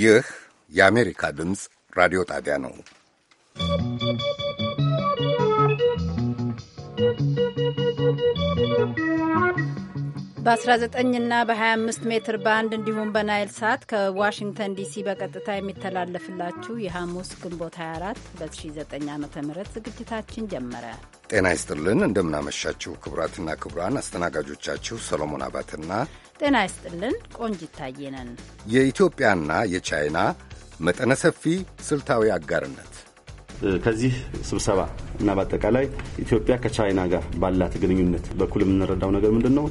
ይህ የአሜሪካ ድምፅ ራዲዮ ጣቢያ ነው። በ19ና በ25 ሜትር ባንድ እንዲሁም በናይል ሳት ከዋሽንግተን ዲሲ በቀጥታ የሚተላለፍላችሁ የሐሙስ ግንቦት 24 2009 ዓ ም ዝግጅታችን ጀመረ። ጤና ይስጥልን እንደምናመሻችሁ ክቡራትና ክቡራን አስተናጋጆቻችሁ ሰሎሞን አባትና ጤና ይስጥልን ቆንጅ ይታየነን። የኢትዮጵያና የቻይና መጠነ ሰፊ ስልታዊ አጋርነት ከዚህ ስብሰባ እና በአጠቃላይ ኢትዮጵያ ከቻይና ጋር ባላት ግንኙነት በኩል የምንረዳው ነገር ምንድን ነው?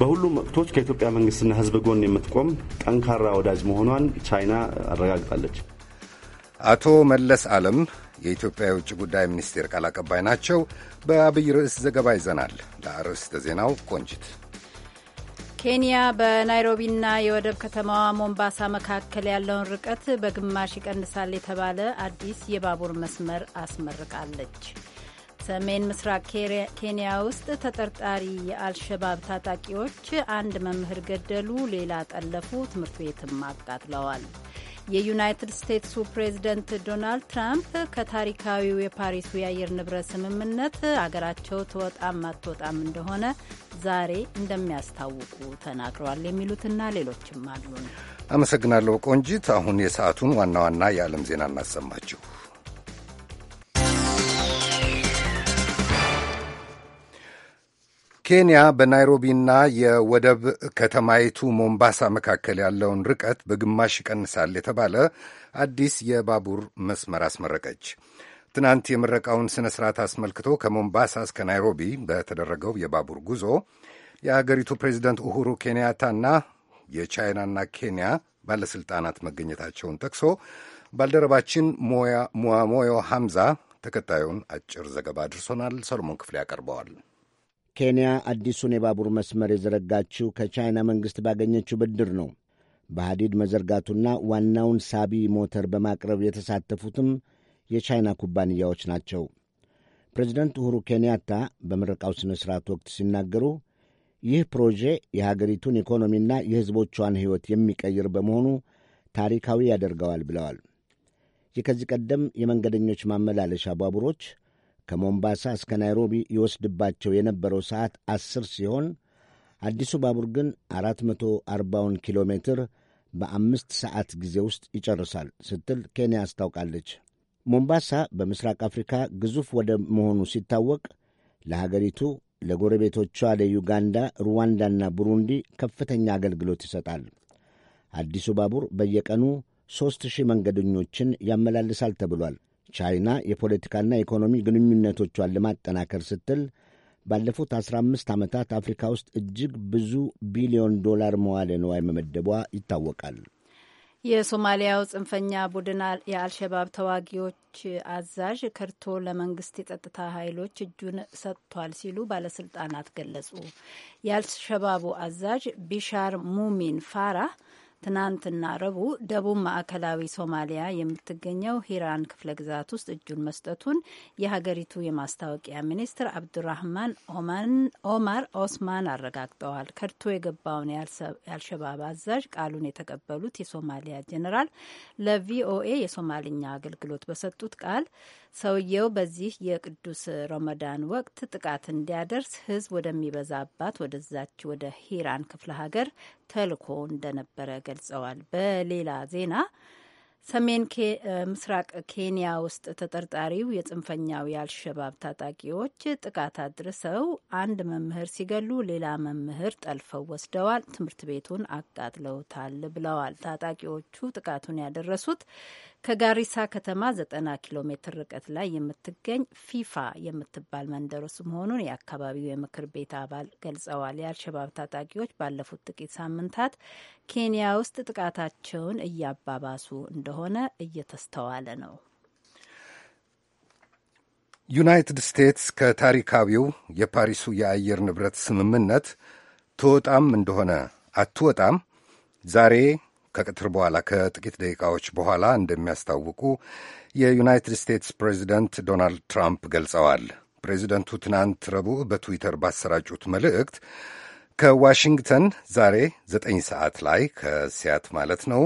በሁሉም ወቅቶች ከኢትዮጵያ መንግስትና ሕዝብ ጎን የምትቆም ጠንካራ ወዳጅ መሆኗን ቻይና አረጋግጣለች። አቶ መለስ ዓለም የኢትዮጵያ የውጭ ጉዳይ ሚኒስቴር ቃል አቀባይ ናቸው። በአብይ ርዕስ ዘገባ ይዘናል። ለአርዕስተ ዜናው ቆንጅት። ኬንያ በናይሮቢና የወደብ ከተማዋ ሞምባሳ መካከል ያለውን ርቀት በግማሽ ይቀንሳል የተባለ አዲስ የባቡር መስመር አስመርቃለች። ሰሜን ምስራቅ ኬንያ ውስጥ ተጠርጣሪ የአልሸባብ ታጣቂዎች አንድ መምህር ገደሉ፣ ሌላ ጠለፉ፣ ትምህርት ቤትም አቃጥለዋል። የዩናይትድ ስቴትሱ ፕሬዝደንት ዶናልድ ትራምፕ ከታሪካዊው የፓሪሱ የአየር ንብረት ስምምነት አገራቸው ትወጣም አትወጣም እንደሆነ ዛሬ እንደሚያስታውቁ ተናግረዋል። የሚሉትና ሌሎችም አሉን። አመሰግናለሁ ቆንጂት። አሁን የሰዓቱን ዋና ዋና የዓለም ዜና እናሰማችሁ። ኬንያ በናይሮቢና የወደብ ከተማይቱ ሞምባሳ መካከል ያለውን ርቀት በግማሽ ይቀንሳል የተባለ አዲስ የባቡር መስመር አስመረቀች። ትናንት የምረቃውን ሥነ ሥርዓት አስመልክቶ ከሞምባሳ እስከ ናይሮቢ በተደረገው የባቡር ጉዞ የአገሪቱ ፕሬዚደንት ኡሁሩ ኬንያታና የቻይናና ኬንያ ባለሥልጣናት መገኘታቸውን ጠቅሶ ባልደረባችን ሞያሞዮ ሐምዛ ተከታዩን አጭር ዘገባ አድርሶናል። ሰሎሞን ክፍሌ ያቀርበዋል። ኬንያ አዲሱን የባቡር መስመር የዘረጋችው ከቻይና መንግሥት ባገኘችው ብድር ነው። በሐዲድ መዘርጋቱና ዋናውን ሳቢ ሞተር በማቅረብ የተሳተፉትም የቻይና ኩባንያዎች ናቸው። ፕሬዚደንት ኡሁሩ ኬንያታ በምረቃው ሥነ ሥርዓት ወቅት ሲናገሩ ይህ ፕሮጄ የሀገሪቱን ኢኮኖሚና የሕዝቦቿን ሕይወት የሚቀይር በመሆኑ ታሪካዊ ያደርገዋል ብለዋል። የከዚህ ቀደም የመንገደኞች ማመላለሻ ባቡሮች ከሞምባሳ እስከ ናይሮቢ ይወስድባቸው የነበረው ሰዓት ዐሥር ሲሆን አዲሱ ባቡር ግን 440 ኪሎ ሜትር በአምስት ሰዓት ጊዜ ውስጥ ይጨርሳል ስትል ኬንያ አስታውቃለች። ሞምባሳ በምስራቅ አፍሪካ ግዙፍ ወደ መሆኑ ሲታወቅ ለሀገሪቱ ለጎረቤቶቿ ለዩጋንዳ፣ ሩዋንዳና ቡሩንዲ ከፍተኛ አገልግሎት ይሰጣል። አዲሱ ባቡር በየቀኑ ሦስት ሺህ መንገደኞችን ያመላልሳል ተብሏል። ቻይና የፖለቲካና የኢኮኖሚ ግንኙነቶቿን ለማጠናከር ስትል ባለፉት 15 ዓመታት አፍሪካ ውስጥ እጅግ ብዙ ቢሊዮን ዶላር መዋለ ንዋይ መመደቧ ይታወቃል። የሶማሊያው ጽንፈኛ ቡድን የአልሸባብ ተዋጊዎች አዛዥ ከርቶ ለመንግስት የጸጥታ ኃይሎች እጁን ሰጥቷል ሲሉ ባለስልጣናት ገለጹ። የአልሸባቡ አዛዥ ቢሻር ሙሚን ፋራህ ትናንትና ረቡዕ ደቡብ ማዕከላዊ ሶማሊያ የምትገኘው ሂራን ክፍለ ግዛት ውስጥ እጁን መስጠቱን የሀገሪቱ የማስታወቂያ ሚኒስትር አብዱራህማን ኦማር ኦስማን አረጋግጠዋል። ከድቶ የገባውን የአልሸባብ አዛዥ ቃሉን የተቀበሉት የሶማሊያ ጀኔራል ለቪኦኤ የሶማልኛ አገልግሎት በሰጡት ቃል ሰውየው በዚህ የቅዱስ ረመዳን ወቅት ጥቃት እንዲያደርስ ህዝብ ወደሚበዛባት ወደዛች ወደ ሂራን ክፍለ ሀገር ተልኮ እንደነበረ ገልጸዋል። በሌላ ዜና ሰሜን ምስራቅ ኬንያ ውስጥ ተጠርጣሪው የጽንፈኛው የአልሸባብ ታጣቂዎች ጥቃት አድርሰው አንድ መምህር ሲገሉ ሌላ መምህር ጠልፈው ወስደዋል፣ ትምህርት ቤቱን አቃጥለውታል ብለዋል። ታጣቂዎቹ ጥቃቱን ያደረሱት ከጋሪሳ ከተማ 90 ኪሎ ሜትር ርቀት ላይ የምትገኝ ፊፋ የምትባል መንደር ውስጥ መሆኑን የአካባቢው የምክር ቤት አባል ገልጸዋል። የአልሸባብ ታጣቂዎች ባለፉት ጥቂት ሳምንታት ኬንያ ውስጥ ጥቃታቸውን እያባባሱ እንደሆነ እየተስተዋለ ነው። ዩናይትድ ስቴትስ ከታሪካዊው የፓሪሱ የአየር ንብረት ስምምነት ትወጣም እንደሆነ አትወጣም ዛሬ ከቀትር በኋላ ከጥቂት ደቂቃዎች በኋላ እንደሚያስታውቁ የዩናይትድ ስቴትስ ፕሬዚደንት ዶናልድ ትራምፕ ገልጸዋል። ፕሬዚደንቱ ትናንት ረቡዕ በትዊተር ባሰራጩት መልእክት ከዋሽንግተን ዛሬ ዘጠኝ ሰዓት ላይ ከሲያት ማለት ነው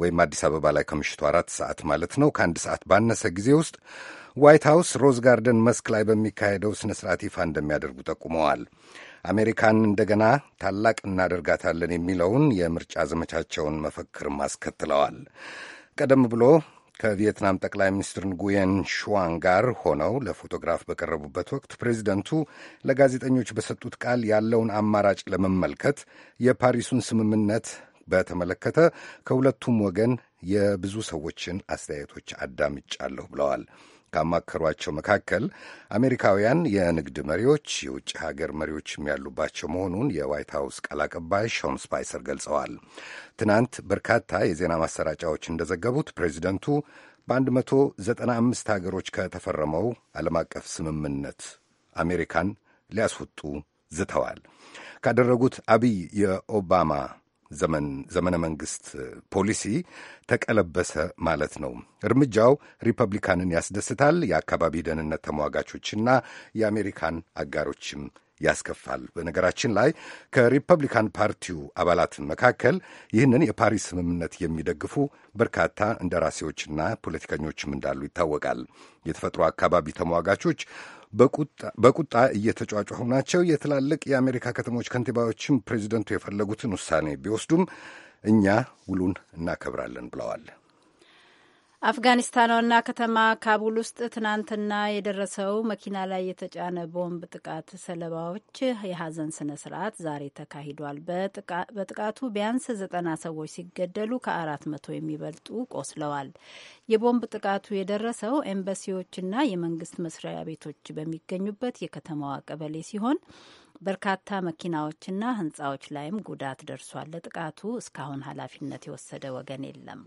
ወይም አዲስ አበባ ላይ ከምሽቱ አራት ሰዓት ማለት ነው ከአንድ ሰዓት ባነሰ ጊዜ ውስጥ ዋይት ሮዝ ጋርደን መስክ ላይ በሚካሄደው ስነ ስርዓት ይፋ እንደሚያደርጉ ጠቁመዋል። አሜሪካን እንደገና ታላቅ እናደርጋታለን የሚለውን የምርጫ ዘመቻቸውን መፈክር አስከትለዋል። ቀደም ብሎ ከቪየትናም ጠቅላይ ሚኒስትር ንጉየን ሹዋን ጋር ሆነው ለፎቶግራፍ በቀረቡበት ወቅት ፕሬዚደንቱ ለጋዜጠኞች በሰጡት ቃል ያለውን አማራጭ ለመመልከት የፓሪሱን ስምምነት በተመለከተ ከሁለቱም ወገን የብዙ ሰዎችን አስተያየቶች አዳምጫለሁ ብለዋል። ካማከሯቸው መካከል አሜሪካውያን የንግድ መሪዎች፣ የውጭ ሀገር መሪዎችም ያሉባቸው መሆኑን የዋይት ሀውስ ቃል አቀባይ ሾን ስፓይሰር ገልጸዋል። ትናንት በርካታ የዜና ማሰራጫዎች እንደዘገቡት ፕሬዚደንቱ በ195 ሀገሮች ከተፈረመው ዓለም አቀፍ ስምምነት አሜሪካን ሊያስወጡ ዝተዋል። ካደረጉት አብይ የኦባማ ዘመነ መንግስት ፖሊሲ ተቀለበሰ ማለት ነው። እርምጃው ሪፐብሊካንን ያስደስታል፣ የአካባቢ ደህንነት ተሟጋቾችና የአሜሪካን አጋሮችም ያስከፋል። በነገራችን ላይ ከሪፐብሊካን ፓርቲው አባላት መካከል ይህንን የፓሪስ ስምምነት የሚደግፉ በርካታ እንደራሴዎችና ፖለቲከኞችም እንዳሉ ይታወቃል። የተፈጥሮ አካባቢ ተሟጋቾች በቁጣ እየተጫጫሁ ናቸው። የትላልቅ የአሜሪካ ከተሞች ከንቲባዎችም ፕሬዚደንቱ የፈለጉትን ውሳኔ ቢወስዱም እኛ ውሉን እናከብራለን ብለዋል። አፍጋኒስታን ዋና ከተማ ካቡል ውስጥ ትናንትና የደረሰው መኪና ላይ የተጫነ ቦምብ ጥቃት ሰለባዎች የሀዘን ስነ ስርዓት ዛሬ ተካሂዷል። በጥቃቱ ቢያንስ ዘጠና ሰዎች ሲገደሉ ከአራት መቶ የሚበልጡ ቆስለዋል። የቦምብ ጥቃቱ የደረሰው ኤምባሲዎችና የመንግስት መስሪያ ቤቶች በሚገኙበት የከተማዋ ቀበሌ ሲሆን በርካታ መኪናዎችና ህንጻዎች ላይም ጉዳት ደርሷል። ለጥቃቱ እስካሁን ኃላፊነት የወሰደ ወገን የለም።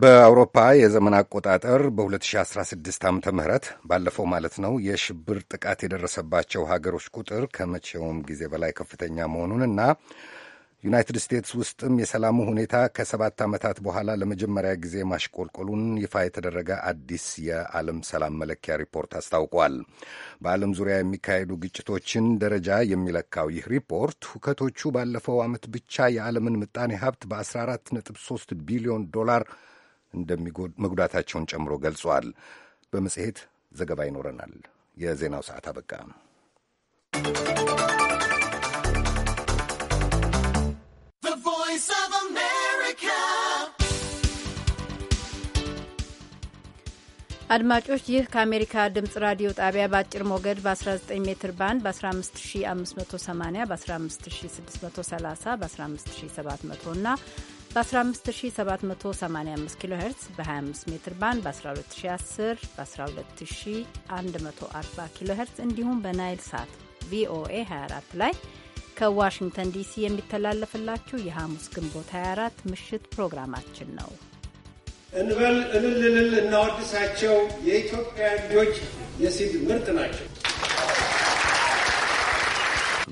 በአውሮፓ የዘመን አቆጣጠር በ2016 ዓ ም ባለፈው ማለት ነው የሽብር ጥቃት የደረሰባቸው ሀገሮች ቁጥር ከመቼውም ጊዜ በላይ ከፍተኛ መሆኑንና ዩናይትድ ስቴትስ ውስጥም የሰላሙ ሁኔታ ከሰባት ዓመታት በኋላ ለመጀመሪያ ጊዜ ማሽቆልቆሉን ይፋ የተደረገ አዲስ የዓለም ሰላም መለኪያ ሪፖርት አስታውቋል። በዓለም ዙሪያ የሚካሄዱ ግጭቶችን ደረጃ የሚለካው ይህ ሪፖርት ሁከቶቹ ባለፈው ዓመት ብቻ የዓለምን ምጣኔ ሀብት በ14.3 ቢሊዮን ዶላር መጉዳታቸውን ጨምሮ ገልጿል። በመጽሔት ዘገባ ይኖረናል። የዜናው ሰዓት አበቃ። አድማጮች ይህ ከአሜሪካ ድምጽ ራዲዮ ጣቢያ በአጭር ሞገድ በ19 ሜትር ባንድ በ15580 በ15630 በ15700 እና በ15785 ኪሎ ሄርትስ በ25 ሜትር ባንድ በ12010 በ12140 ኪሎ ሄርትስ እንዲሁም በናይል ሳት ቪኦኤ 24 ላይ ከዋሽንግተን ዲሲ የሚተላለፍላችሁ የሐሙስ ግንቦት 24 ምሽት ፕሮግራማችን ነው። እንበል እልልልል እናወድሳቸው የኢትዮጵያ ልጆች የሲድ ምርጥ ናቸው።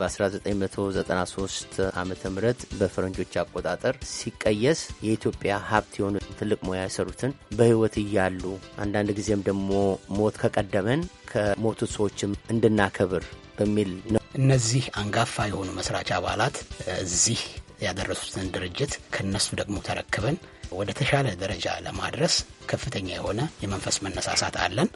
በ1993 ዓ ም በፈረንጆች አቆጣጠር ሲቀየስ የኢትዮጵያ ሀብት የሆኑ ትልቅ ሙያ የሰሩትን በህይወት እያሉ አንዳንድ ጊዜም ደግሞ ሞት ከቀደመን ከሞቱት ሰዎችም እንድናከብር በሚል ነው። እነዚህ አንጋፋ የሆኑ መስራች አባላት እዚህ ያደረሱትን ድርጅት ከነሱ ደግሞ ተረክበን ወደ ተሻለ ደረጃ ለማድረስ ከፍተኛ የሆነ የመንፈስ መነሳሳት አለን።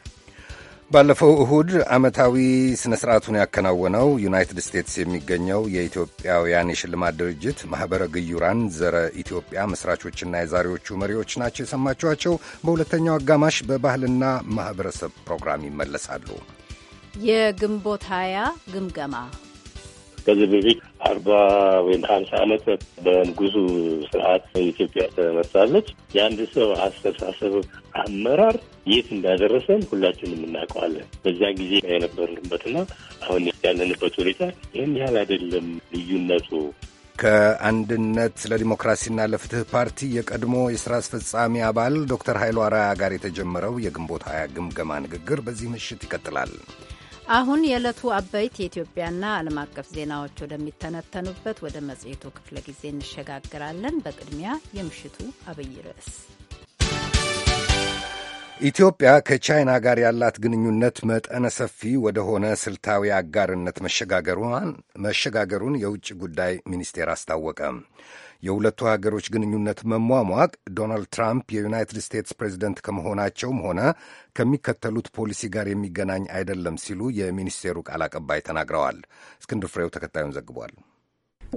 ባለፈው እሁድ ዓመታዊ ሥነ ሥርዓቱን ያከናወነው ዩናይትድ ስቴትስ የሚገኘው የኢትዮጵያውያን የሽልማት ድርጅት ማኅበረ ግዩራን ዘረ ኢትዮጵያ መሥራቾችና የዛሬዎቹ መሪዎች ናቸው የሰማችኋቸው። በሁለተኛው አጋማሽ በባህልና ማኅበረሰብ ፕሮግራም ይመለሳሉ። የግንቦት ሃያ ግምገማ ከዚህ በፊት አርባ ወይም ሀምሳ ዓመት በንጉሱ ስርዓት ኢትዮጵያ ተመርታለች። የአንድ ሰው አስተሳሰብ አመራር የት እንዳደረሰን ሁላችንም እናውቀዋለን። በዚያ ጊዜ የነበርንበትና አሁን ያለንበት ሁኔታ ይህን ያህል አይደለም ልዩነቱ። ከአንድነት ለዲሞክራሲና ለፍትህ ፓርቲ የቀድሞ የሥራ አስፈጻሚ አባል ዶክተር ኃይሉ አራያ ጋር የተጀመረው የግንቦት ሀያ ግምገማ ንግግር በዚህ ምሽት ይቀጥላል። አሁን የዕለቱ አበይት የኢትዮጵያና ዓለም አቀፍ ዜናዎች ወደሚተነተኑበት ወደ መጽሔቱ ክፍለ ጊዜ እንሸጋግራለን። በቅድሚያ የምሽቱ አብይ ርዕስ ኢትዮጵያ ከቻይና ጋር ያላት ግንኙነት መጠነ ሰፊ ወደሆነ ስልታዊ አጋርነት መሸጋገሩን የውጭ ጉዳይ ሚኒስቴር አስታወቀ። የሁለቱ ሀገሮች ግንኙነት መሟሟቅ ዶናልድ ትራምፕ የዩናይትድ ስቴትስ ፕሬዚደንት ከመሆናቸውም ሆነ ከሚከተሉት ፖሊሲ ጋር የሚገናኝ አይደለም ሲሉ የሚኒስቴሩ ቃል አቀባይ ተናግረዋል። እስክንድር ፍሬው ተከታዩን ዘግቧል።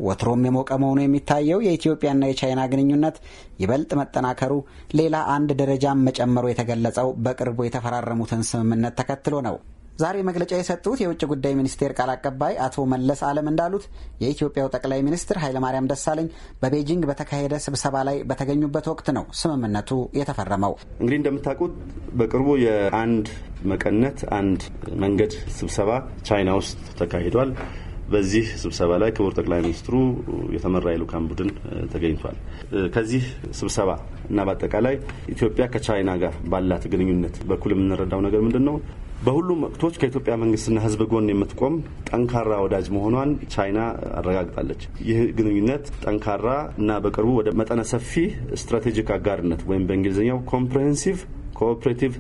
ወትሮም የሞቀ መሆኑ የሚታየው የኢትዮጵያና የቻይና ግንኙነት ይበልጥ መጠናከሩ ሌላ አንድ ደረጃም መጨመሩ የተገለጸው በቅርቡ የተፈራረሙትን ስምምነት ተከትሎ ነው። ዛሬ መግለጫ የሰጡት የውጭ ጉዳይ ሚኒስቴር ቃል አቀባይ አቶ መለስ አለም እንዳሉት የኢትዮጵያው ጠቅላይ ሚኒስትር ኃይለማርያም ደሳለኝ በቤጂንግ በተካሄደ ስብሰባ ላይ በተገኙበት ወቅት ነው ስምምነቱ የተፈረመው። እንግዲህ እንደምታውቁት በቅርቡ የአንድ መቀነት አንድ መንገድ ስብሰባ ቻይና ውስጥ ተካሂዷል። በዚህ ስብሰባ ላይ ክቡር ጠቅላይ ሚኒስትሩ የተመራ የልኡካን ቡድን ተገኝቷል። ከዚህ ስብሰባ እና በአጠቃላይ ኢትዮጵያ ከቻይና ጋር ባላት ግንኙነት በኩል የምንረዳው ነገር ምንድን ነው? በሁሉም ወቅቶች ከኢትዮጵያ መንግስትና ህዝብ ጎን የምትቆም ጠንካራ ወዳጅ መሆኗን ቻይና አረጋግጣለች። ይህ ግንኙነት ጠንካራ እና በቅርቡ ወደ መጠነ ሰፊ ስትራቴጂክ አጋርነት ወይም በእንግሊዝኛው ኮምፕሬሄንሲቭ ኮኦፕሬቲቭ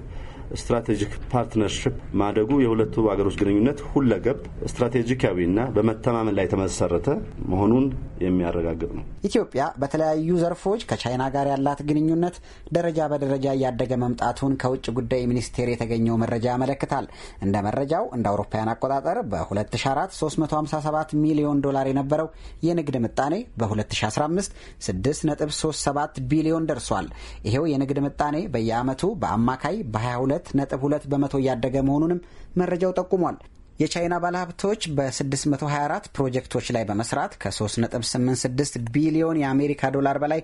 ስትራቴጂክ ፓርትነርሽፕ ማደጉ የሁለቱ ሀገሮች ግንኙነት ሁለገብ ስትራቴጂካዊና በመተማመን ላይ የተመሰረተ መሆኑን የሚያረጋግጥ ነው። ኢትዮጵያ በተለያዩ ዘርፎች ከቻይና ጋር ያላት ግንኙነት ደረጃ በደረጃ እያደገ መምጣቱን ከውጭ ጉዳይ ሚኒስቴር የተገኘው መረጃ ያመለክታል። እንደ መረጃው እንደ አውሮፓውያን አቆጣጠር በ2004 357 ሚሊዮን ዶላር የነበረው የንግድ ምጣኔ በ2015 6.37 ቢሊዮን ደርሷል። ይሄው የንግድ ምጣኔ በየአመቱ በአማካይ በ22.2 በመቶ እያደገ መሆኑንም መረጃው ጠቁሟል። የቻይና ባለሀብቶች በ624 ፕሮጀክቶች ላይ በመስራት ከ386 ቢሊዮን የአሜሪካ ዶላር በላይ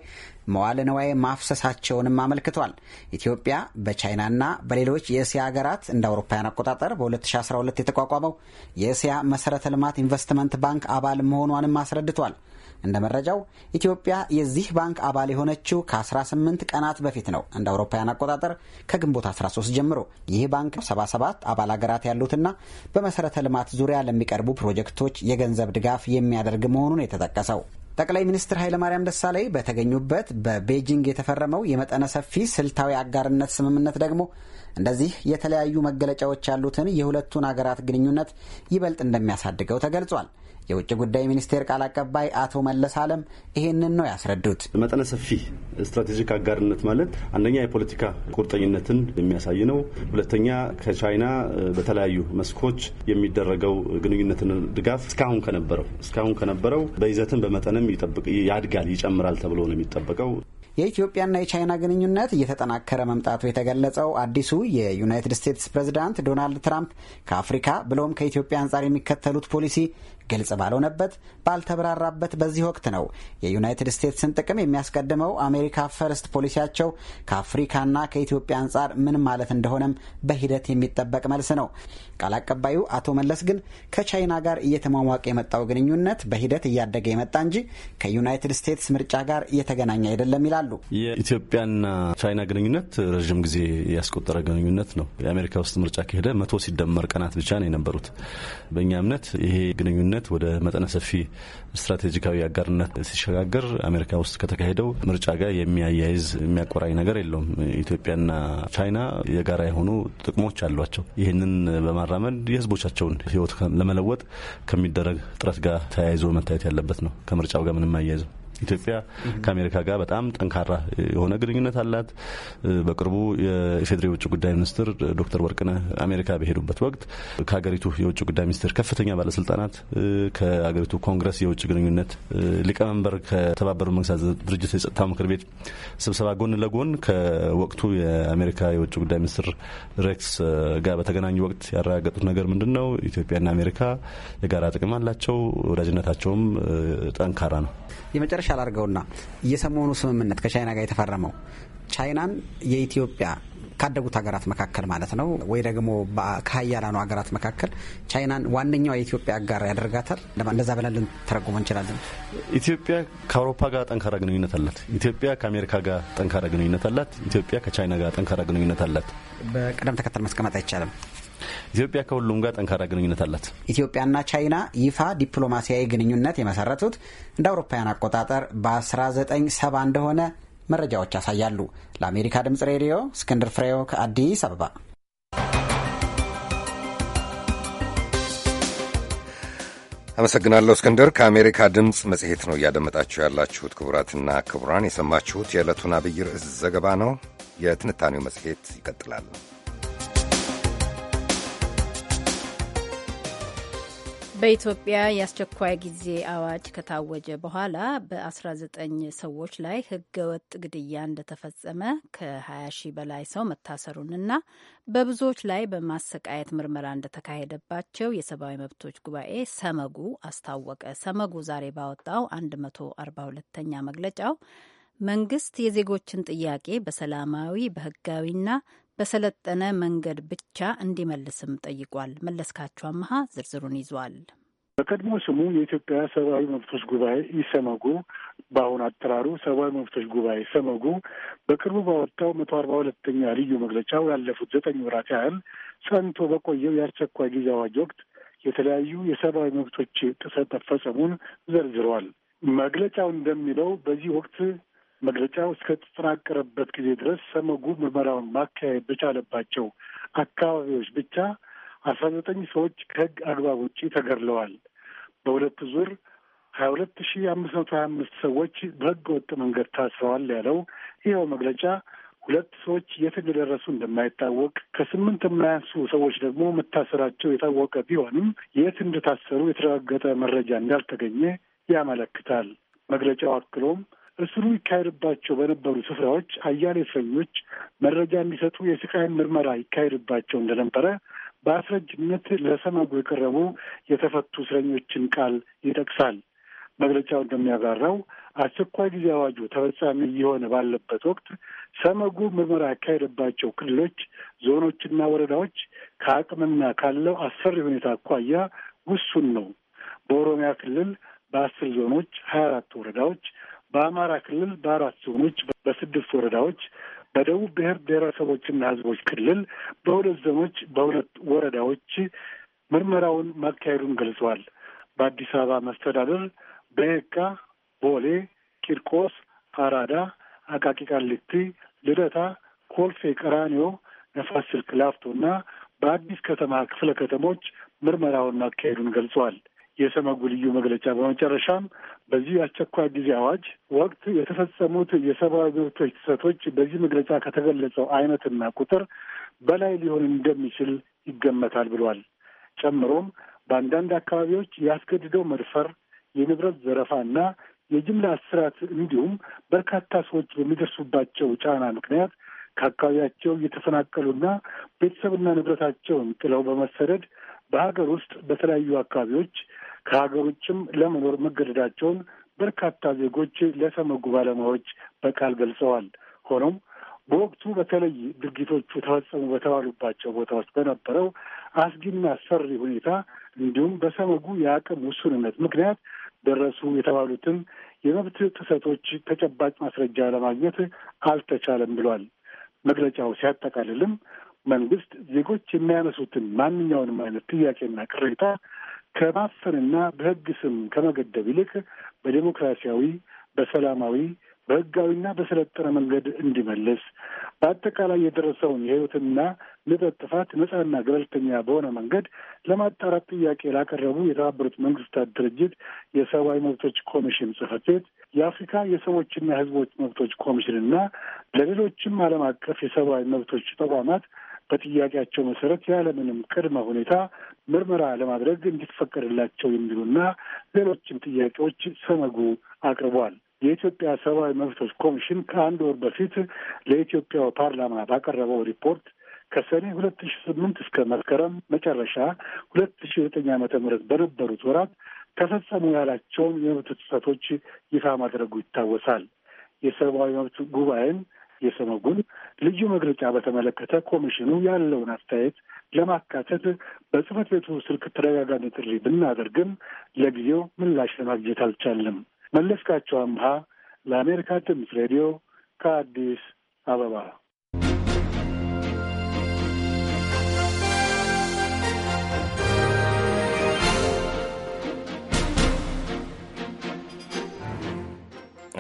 መዋለ ንዋይ ማፍሰሳቸውንም አመልክቷል። ኢትዮጵያ በቻይናና በሌሎች የእስያ ሀገራት እንደ አውሮፓውያን አቆጣጠር በ2012 የተቋቋመው የእስያ መሰረተ ልማት ኢንቨስትመንት ባንክ አባል መሆኗንም አስረድቷል። እንደ መረጃው ኢትዮጵያ የዚህ ባንክ አባል የሆነችው ከ18 ቀናት በፊት ነው እንደ አውሮፓውያን አቆጣጠር ከግንቦት 13 ጀምሮ። ይህ ባንክ 77 አባል ሀገራት ያሉትና በመሰረተ ልማት ዙሪያ ለሚቀርቡ ፕሮጀክቶች የገንዘብ ድጋፍ የሚያደርግ መሆኑን የተጠቀሰው ጠቅላይ ሚኒስትር ኃይለማርያም ደሳለኝ በተገኙበት በቤጂንግ የተፈረመው የመጠነ ሰፊ ስልታዊ አጋርነት ስምምነት ደግሞ እንደዚህ የተለያዩ መገለጫዎች ያሉትን የሁለቱን አገራት ግንኙነት ይበልጥ እንደሚያሳድገው ተገልጿል። የውጭ ጉዳይ ሚኒስቴር ቃል አቀባይ አቶ መለስ አለም ይህንን ነው ያስረዱት። መጠነ ሰፊ ስትራቴጂክ አጋርነት ማለት አንደኛ የፖለቲካ ቁርጠኝነትን የሚያሳይ ነው። ሁለተኛ ከቻይና በተለያዩ መስኮች የሚደረገው ግንኙነትን ድጋፍ እስካሁን ከነበረው እስካሁን ከነበረው በይዘትም በመጠንም ያድጋል፣ ይጨምራል ተብሎ ነው የሚጠበቀው። የኢትዮጵያና የቻይና ግንኙነት እየተጠናከረ መምጣቱ የተገለጸው አዲሱ የዩናይትድ ስቴትስ ፕሬዚዳንት ዶናልድ ትራምፕ ከአፍሪካ ብሎም ከኢትዮጵያ አንጻር የሚከተሉት ፖሊሲ ግልጽ ባልሆነበት ባልተብራራበት በዚህ ወቅት ነው የዩናይትድ ስቴትስን ጥቅም የሚያስቀድመው አሜሪካ ፈርስት ፖሊሲያቸው ከአፍሪካና ከኢትዮጵያ አንጻር ምን ማለት እንደሆነም በሂደት የሚጠበቅ መልስ ነው። ቃል አቀባዩ አቶ መለስ ግን ከቻይና ጋር እየተሟሟቀ የመጣው ግንኙነት በሂደት እያደገ የመጣ እንጂ ከዩናይትድ ስቴትስ ምርጫ ጋር እየተገናኘ አይደለም ይላሉ። የኢትዮጵያና ቻይና ግንኙነት ረዥም ጊዜ ያስቆጠረ ግንኙነት ነው። የአሜሪካ ውስጥ ምርጫ ከሄደ መቶ ሲደመር ቀናት ብቻ ነው የነበሩት። በእኛ እምነት ይሄ ግንኙነት አጋርነት ወደ መጠነ ሰፊ ስትራቴጂካዊ አጋርነት ሲሸጋገር አሜሪካ ውስጥ ከተካሄደው ምርጫ ጋር የሚያያይዝ የሚያቆራኝ ነገር የለውም። ኢትዮጵያና ቻይና የጋራ የሆኑ ጥቅሞች አሏቸው። ይህንን በማራመድ የህዝቦቻቸውን ህይወት ለመለወጥ ከሚደረግ ጥረት ጋር ተያይዞ መታየት ያለበት ነው። ከምርጫው ጋር ምንም አያይዘው ኢትዮጵያ ከአሜሪካ ጋር በጣም ጠንካራ የሆነ ግንኙነት አላት። በቅርቡ የኢፌዴሪ የውጭ ጉዳይ ሚኒስትር ዶክተር ወርቅነህ አሜሪካ በሄዱበት ወቅት ከሀገሪቱ የውጭ ጉዳይ ሚኒስትር ከፍተኛ ባለስልጣናት፣ ከሀገሪቱ ኮንግረስ የውጭ ግንኙነት ሊቀመንበር፣ ከተባበሩት መንግስታት ድርጅት የጸጥታው ምክር ቤት ስብሰባ ጎን ለጎን ከወቅቱ የአሜሪካ የውጭ ጉዳይ ሚኒስትር ሬክስ ጋር በተገናኙ ወቅት ያረጋገጡት ነገር ምንድን ነው? ኢትዮጵያና አሜሪካ የጋራ ጥቅም አላቸው። ወዳጅነታቸውም ጠንካራ ነው። የመጨረሻ ላርገውና የሰሞኑ ስምምነት ከቻይና ጋር የተፈረመው ቻይናን የኢትዮጵያ ካደጉት ሀገራት መካከል ማለት ነው ወይ ደግሞ ከሀያላኑ ሀገራት መካከል ቻይናን ዋነኛዋ የኢትዮጵያ አጋር ያደርጋታል። እንደዛ ብለን ልንተረጉመ እንችላለን። ኢትዮጵያ ከአውሮፓ ጋር ጠንካራ ግንኙነት አላት። ኢትዮጵያ ከአሜሪካ ጋር ጠንካራ ግንኙነት አላት። ኢትዮጵያ ከቻይና ጋር ጠንካራ ግንኙነት አላት። በቅደም ተከተል ማስቀመጥ አይቻልም። ኢትዮጵያ ከሁሉም ጋር ጠንካራ ግንኙነት አላት። ኢትዮጵያና ቻይና ይፋ ዲፕሎማሲያዊ ግንኙነት የመሰረቱት እንደ አውሮፓውያን አቆጣጠር በ1970 እንደሆነ መረጃዎች ያሳያሉ። ለአሜሪካ ድምጽ ሬዲዮ እስክንድር ፍሬው ከአዲስ አበባ። አመሰግናለሁ እስክንድር። ከአሜሪካ ድምፅ መጽሔት ነው እያደመጣችሁ ያላችሁት። ክቡራትና ክቡራን የሰማችሁት የዕለቱን አብይ ርዕስ ዘገባ ነው። የትንታኔው መጽሔት ይቀጥላል። በኢትዮጵያ የአስቸኳይ ጊዜ አዋጅ ከታወጀ በኋላ በ19 ሰዎች ላይ ህገወጥ ግድያ እንደተፈጸመ ከ20 ሺህ በላይ ሰው መታሰሩንና በብዙዎች ላይ በማሰቃየት ምርመራ እንደተካሄደባቸው የሰብአዊ መብቶች ጉባኤ ሰመጉ አስታወቀ። ሰመጉ ዛሬ ባወጣው 142ኛ መግለጫው መንግስት የዜጎችን ጥያቄ በሰላማዊ በህጋዊና በሰለጠነ መንገድ ብቻ እንዲመልስም ጠይቋል። መለስካቸው አመሃ ዝርዝሩን ይዟል። በቀድሞ ስሙ የኢትዮጵያ ሰብአዊ መብቶች ጉባኤ ኢሰመጉ በአሁን አጠራሩ ሰብአዊ መብቶች ጉባኤ ሰመጉ በቅርቡ ባወጣው መቶ አርባ ሁለተኛ ልዩ መግለጫው ያለፉት ዘጠኝ ወራት ያህል ጸንቶ በቆየው የአስቸኳይ ጊዜ አዋጅ ወቅት የተለያዩ የሰብአዊ መብቶች ጥሰት መፈጸሙን ዘርዝሯል። መግለጫው እንደሚለው በዚህ ወቅት መግለጫው እስከተጠናቀረበት ጊዜ ድረስ ሰመጉ ምርመራውን ማካሄድ በቻለባቸው አካባቢዎች ብቻ አስራ ዘጠኝ ሰዎች ከህግ አግባብ ውጪ ተገድለዋል። በሁለት ዙር ሀያ ሁለት ሺ አምስት መቶ ሀያ አምስት ሰዎች በህገ ወጥ መንገድ ታስረዋል ያለው ይኸው መግለጫ ሁለት ሰዎች የት እንደደረሱ እንደማይታወቅ ከስምንት የማያንሱ ሰዎች ደግሞ መታሰራቸው የታወቀ ቢሆንም የት እንደታሰሩ የተረጋገጠ መረጃ እንዳልተገኘ ያመለክታል። መግለጫው አክሎም እስሩ ይካሄድባቸው በነበሩ ስፍራዎች አያሌ እስረኞች መረጃ እንዲሰጡ የስቃይ ምርመራ ይካሄድባቸው እንደነበረ በአስረጅነት ለሰማጉ የቀረቡ የተፈቱ እስረኞችን ቃል ይጠቅሳል። መግለጫው እንደሚያብራራው አስቸኳይ ጊዜ አዋጁ ተፈጻሚ እየሆነ ባለበት ወቅት ሰመጉ ምርመራ ያካሄደባቸው ክልሎች፣ ዞኖችና ወረዳዎች ከአቅምና ካለው አስፈሪ ሁኔታ አኳያ ውሱን ነው። በኦሮሚያ ክልል በአስር ዞኖች ሀያ አራት ወረዳዎች በአማራ ክልል በአራት ዞኖች በስድስት ወረዳዎች በደቡብ ብሔር ብሔረሰቦችና ህዝቦች ክልል በሁለት ዞኖች በሁለት ወረዳዎች ምርመራውን ማካሄዱን ገልጸዋል። በአዲስ አበባ መስተዳደር በየካ፣ ቦሌ፣ ቂርቆስ፣ አራዳ፣ አቃቂ ቃሊቲ፣ ልደታ፣ ኮልፌ ቀራኒዮ፣ ነፋስ ስልክ ላፍቶ እና በአዲስ ከተማ ክፍለ ከተሞች ምርመራውን ማካሄዱን ገልጸዋል። የሰመጉ ልዩ መግለጫ። በመጨረሻም በዚህ አስቸኳይ ጊዜ አዋጅ ወቅት የተፈጸሙት የሰብአዊ መብቶች ጥሰቶች በዚህ መግለጫ ከተገለጸው አይነትና ቁጥር በላይ ሊሆን እንደሚችል ይገመታል ብሏል። ጨምሮም በአንዳንድ አካባቢዎች ያስገድደው መድፈር፣ የንብረት ዘረፋና የጅምላ እስራት እንዲሁም በርካታ ሰዎች በሚደርሱባቸው ጫና ምክንያት ከአካባቢያቸው እየተፈናቀሉና ቤተሰብና ንብረታቸውን ጥለው በመሰደድ በሀገር ውስጥ በተለያዩ አካባቢዎች ከሀገር ውጭም ለመኖር መገደዳቸውን በርካታ ዜጎች ለሰመጉ ባለሙያዎች በቃል ገልጸዋል። ሆኖም በወቅቱ በተለይ ድርጊቶቹ ተፈጸሙ በተባሉባቸው ቦታዎች በነበረው አስጊና አስፈሪ ሁኔታ እንዲሁም በሰመጉ የአቅም ውሱንነት ምክንያት ደረሱ የተባሉትን የመብት ጥሰቶች ተጨባጭ ማስረጃ ለማግኘት አልተቻለም ብሏል። መግለጫው ሲያጠቃልልም መንግስት ዜጎች የሚያነሱትን ማንኛውንም አይነት ጥያቄና ቅሬታ ከማፈንና በህግ ስም ከመገደብ ይልቅ በዴሞክራሲያዊ፣ በሰላማዊ፣ በህጋዊና በሰለጠነ መንገድ እንዲመልስ በአጠቃላይ የደረሰውን የህይወትና ንብረት ጥፋት ነጻና ገለልተኛ በሆነ መንገድ ለማጣራት ጥያቄ ላቀረቡ የተባበሩት መንግስታት ድርጅት የሰብአዊ መብቶች ኮሚሽን ጽህፈት ቤት የአፍሪካ የሰዎችና የሕዝቦች መብቶች ኮሚሽንና ለሌሎችም ዓለም አቀፍ የሰብአዊ መብቶች ተቋማት በጥያቄያቸው መሰረት ያለምንም ቅድመ ሁኔታ ምርመራ ለማድረግ እንዲፈቀድላቸው የሚሉና ሌሎችም ጥያቄዎች ሰመጉ አቅርቧል። የኢትዮጵያ ሰብአዊ መብቶች ኮሚሽን ከአንድ ወር በፊት ለኢትዮጵያው ፓርላማ ባቀረበው ሪፖርት ከሰኔ ሁለት ሺ ስምንት እስከ መስከረም መጨረሻ ሁለት ሺ ዘጠኝ ዓመተ ምህረት በነበሩት ወራት ተፈጸሙ ያላቸውን የመብት ጥሰቶች ይፋ ማድረጉ ይታወሳል። የሰብአዊ መብት ጉባኤን። የሰመጉን ልዩ መግለጫ በተመለከተ ኮሚሽኑ ያለውን አስተያየት ለማካተት በጽህፈት ቤቱ ስልክ ተደጋጋሚ ጥሪ ብናደርግም ለጊዜው ምላሽ ለማግኘት አልቻለም። መለስካቸው አምሃ ለአሜሪካ ድምፅ ሬዲዮ ከአዲስ አበባ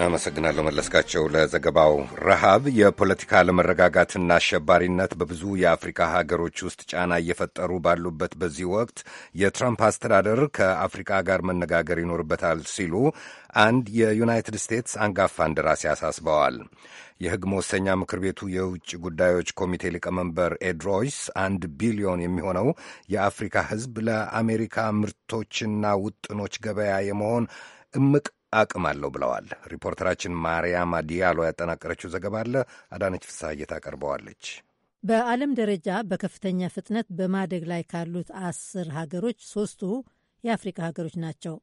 አመሰግናለሁ መለስካቸው ለዘገባው። ረሃብ፣ የፖለቲካ አለመረጋጋትና አሸባሪነት በብዙ የአፍሪካ ሀገሮች ውስጥ ጫና እየፈጠሩ ባሉበት በዚህ ወቅት የትራምፕ አስተዳደር ከአፍሪካ ጋር መነጋገር ይኖርበታል ሲሉ አንድ የዩናይትድ ስቴትስ አንጋፋ እንደራሴ አሳስበዋል። የሕግ መወሰኛ ምክር ቤቱ የውጭ ጉዳዮች ኮሚቴ ሊቀመንበር ኤድ ሮይስ አንድ ቢሊዮን የሚሆነው የአፍሪካ ሕዝብ ለአሜሪካ ምርቶችና ውጥኖች ገበያ የመሆን እምቅ አቅም አለው ብለዋል። ሪፖርተራችን ማርያማ ዲያሎ ያጠናቀረችው ዘገባ አለ አዳነች ፍስሐዬ ታቀርበዋለች። በዓለም ደረጃ በከፍተኛ ፍጥነት በማደግ ላይ ካሉት አስር ሀገሮች ሶስቱ የአፍሪካ ሀገሮች ናቸው።